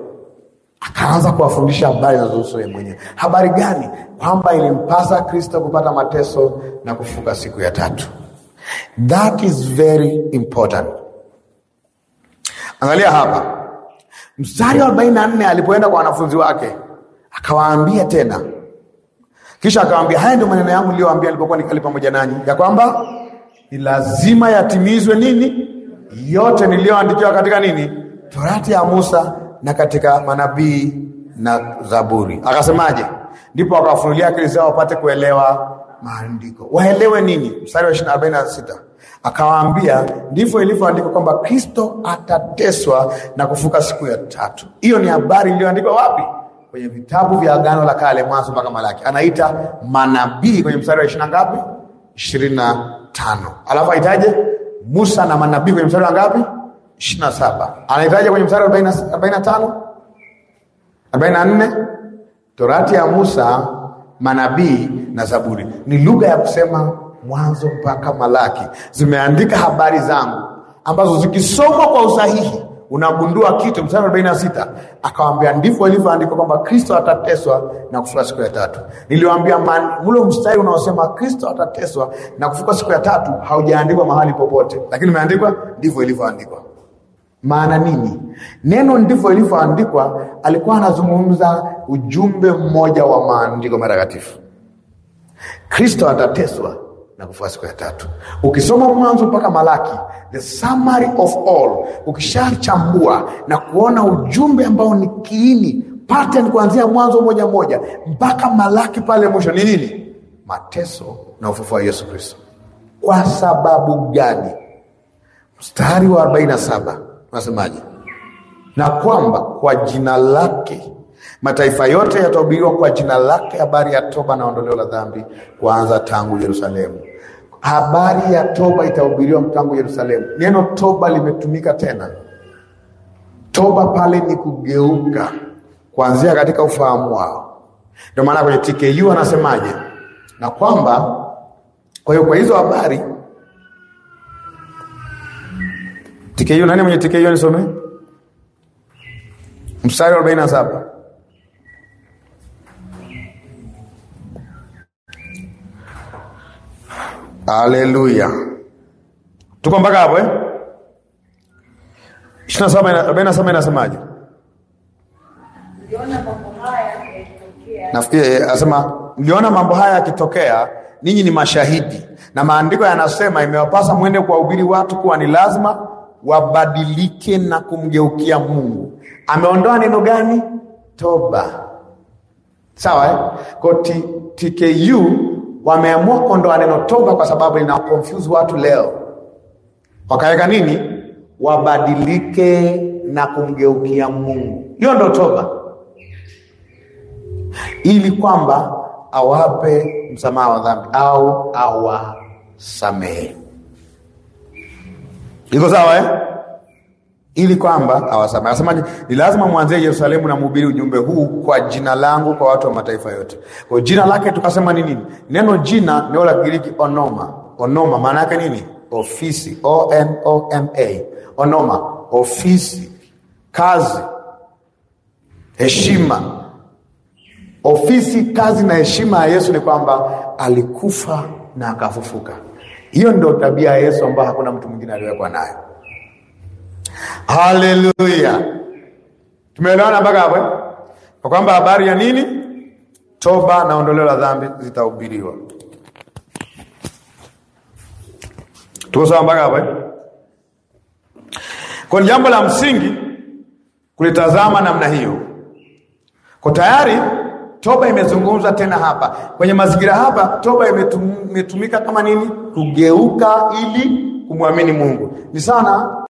Akaanza kuwafundisha habari zinazohusu yeye mwenyewe. Habari gani? Kwamba ilimpasa Kristo kupata mateso na kufuka siku ya tatu. That is very important. Angalia hapa Mstari wa arobaini na nne alipoenda kwa wanafunzi wake akawaambia tena, kisha akawaambia, haya ndio maneno yangu niliyowaambia alipokuwa nikali pamoja nanyi, ya kwamba ni lazima yatimizwe nini, yote niliyoandikiwa katika nini, torati ya Musa na katika manabii na Zaburi. Akasemaje? Ndipo akawafunulia akili zao wapate kuelewa maandiko, waelewe nini. Mstari wa arobaini na sita Akawaambia, ndivyo ilivyoandikwa kwamba Kristo atateswa na kufuka siku ya tatu. Hiyo ni habari iliyoandikwa wapi? Kwenye vitabu vya Agano la Kale, Mwanzo mpaka Malaki. Anaita manabii kwenye mstari wa ishirini na ngapi? ishirini na tano. Alafu aitaje Musa na manabii kwenye mstari wa ngapi? ishirini na saba. Anaitaje kwenye mstari wa arobaini na tano arobaini na nne Torati ya Musa, manabii na Zaburi. Ni lugha ya kusema Mwanzo mpaka Malaki zimeandika habari zangu, ambazo zikisomwa kwa usahihi unagundua kitu. Mstari arobaini na sita akawambia, ndivyo ilivyoandikwa kwamba Kristo atateswa na kufuka siku ya tatu. Niliwaambia ule mstari unaosema Kristo atateswa na kufuka siku ya tatu haujaandikwa mahali popote, lakini umeandikwa ndivyo ilivyoandikwa. Maana nini? Neno ndivyo ilivyoandikwa, alikuwa anazungumza ujumbe mmoja wa maandiko matakatifu. Kristo atateswa na kufua siku ya tatu. Ukisoma Mwanzo mpaka Malaki, the summary of all, ukishachambua na kuona ujumbe ambao ni kiini pattern, kuanzia Mwanzo moja moja mpaka Malaki pale mwisho, ni nini? Mateso na ufufuo wa Yesu Kristo. Kwa sababu gani? Mstari wa 47 unasemaje? Na kwamba kwa jina lake mataifa yote yatahubiriwa kwa jina lake habari ya toba na ondoleo la dhambi, kuanza tangu Yerusalemu habari ya toba itahubiriwa mtangu Yerusalemu. Neno toba limetumika tena. Toba pale ni kugeuka kuanzia katika ufahamu wao. Ndio maana kwenye TKU anasemaje, na kwamba kwa hiyo kwa hizo habari TKU, nani mwenye TKU anisome mstari wa arobaini na saba Haleluya, tuko mpaka hapo eh? ishirini na saba inasemaje? Nafikiri anasema eh, mliona mambo haya yakitokea, ninyi ni mashahidi, na maandiko yanasema imewapasa mwende kuwahubiri watu kuwa ni lazima wabadilike na kumgeukia Mungu. Ameondoa neno gani? Toba, sawa eh? Kwa TKU wameamua kuondoa neno toba kwa sababu lina confuse watu leo, wakaweka nini, wabadilike na kumgeukia Mungu. Hiyo ndo toba, ili kwamba awape msamaha wa dhambi au awasamehe. Iko sawa eh? ili kwamba awasame. Anasema ni lazima mwanzie Yerusalemu na mhubiri ujumbe huu kwa jina langu kwa watu wa mataifa yote. Kwa jina lake tukasema ni nini? Neno jina neno la Kigiriki onoma. Onoma maana yake nini? Ofisi, O N O M A. Onoma, ofisi, kazi, heshima. Ofisi, kazi na heshima ya Yesu ni kwamba alikufa na akafufuka. Hiyo ndio tabia ya Yesu ambayo hakuna mtu mwingine aliwekwa nayo. Haleluya, tumeelewana mpaka hapo eh? kwa kwamba habari ya nini? Toba na ondoleo la dhambi zitahubiriwa. Tuko sawa mpaka hapo? Eh? Kwa jambo la msingi kulitazama namna hiyo, kwa tayari toba imezungumzwa tena hapa kwenye mazingira hapa. Toba imetumika kama nini? Kugeuka ili kumwamini Mungu ni sana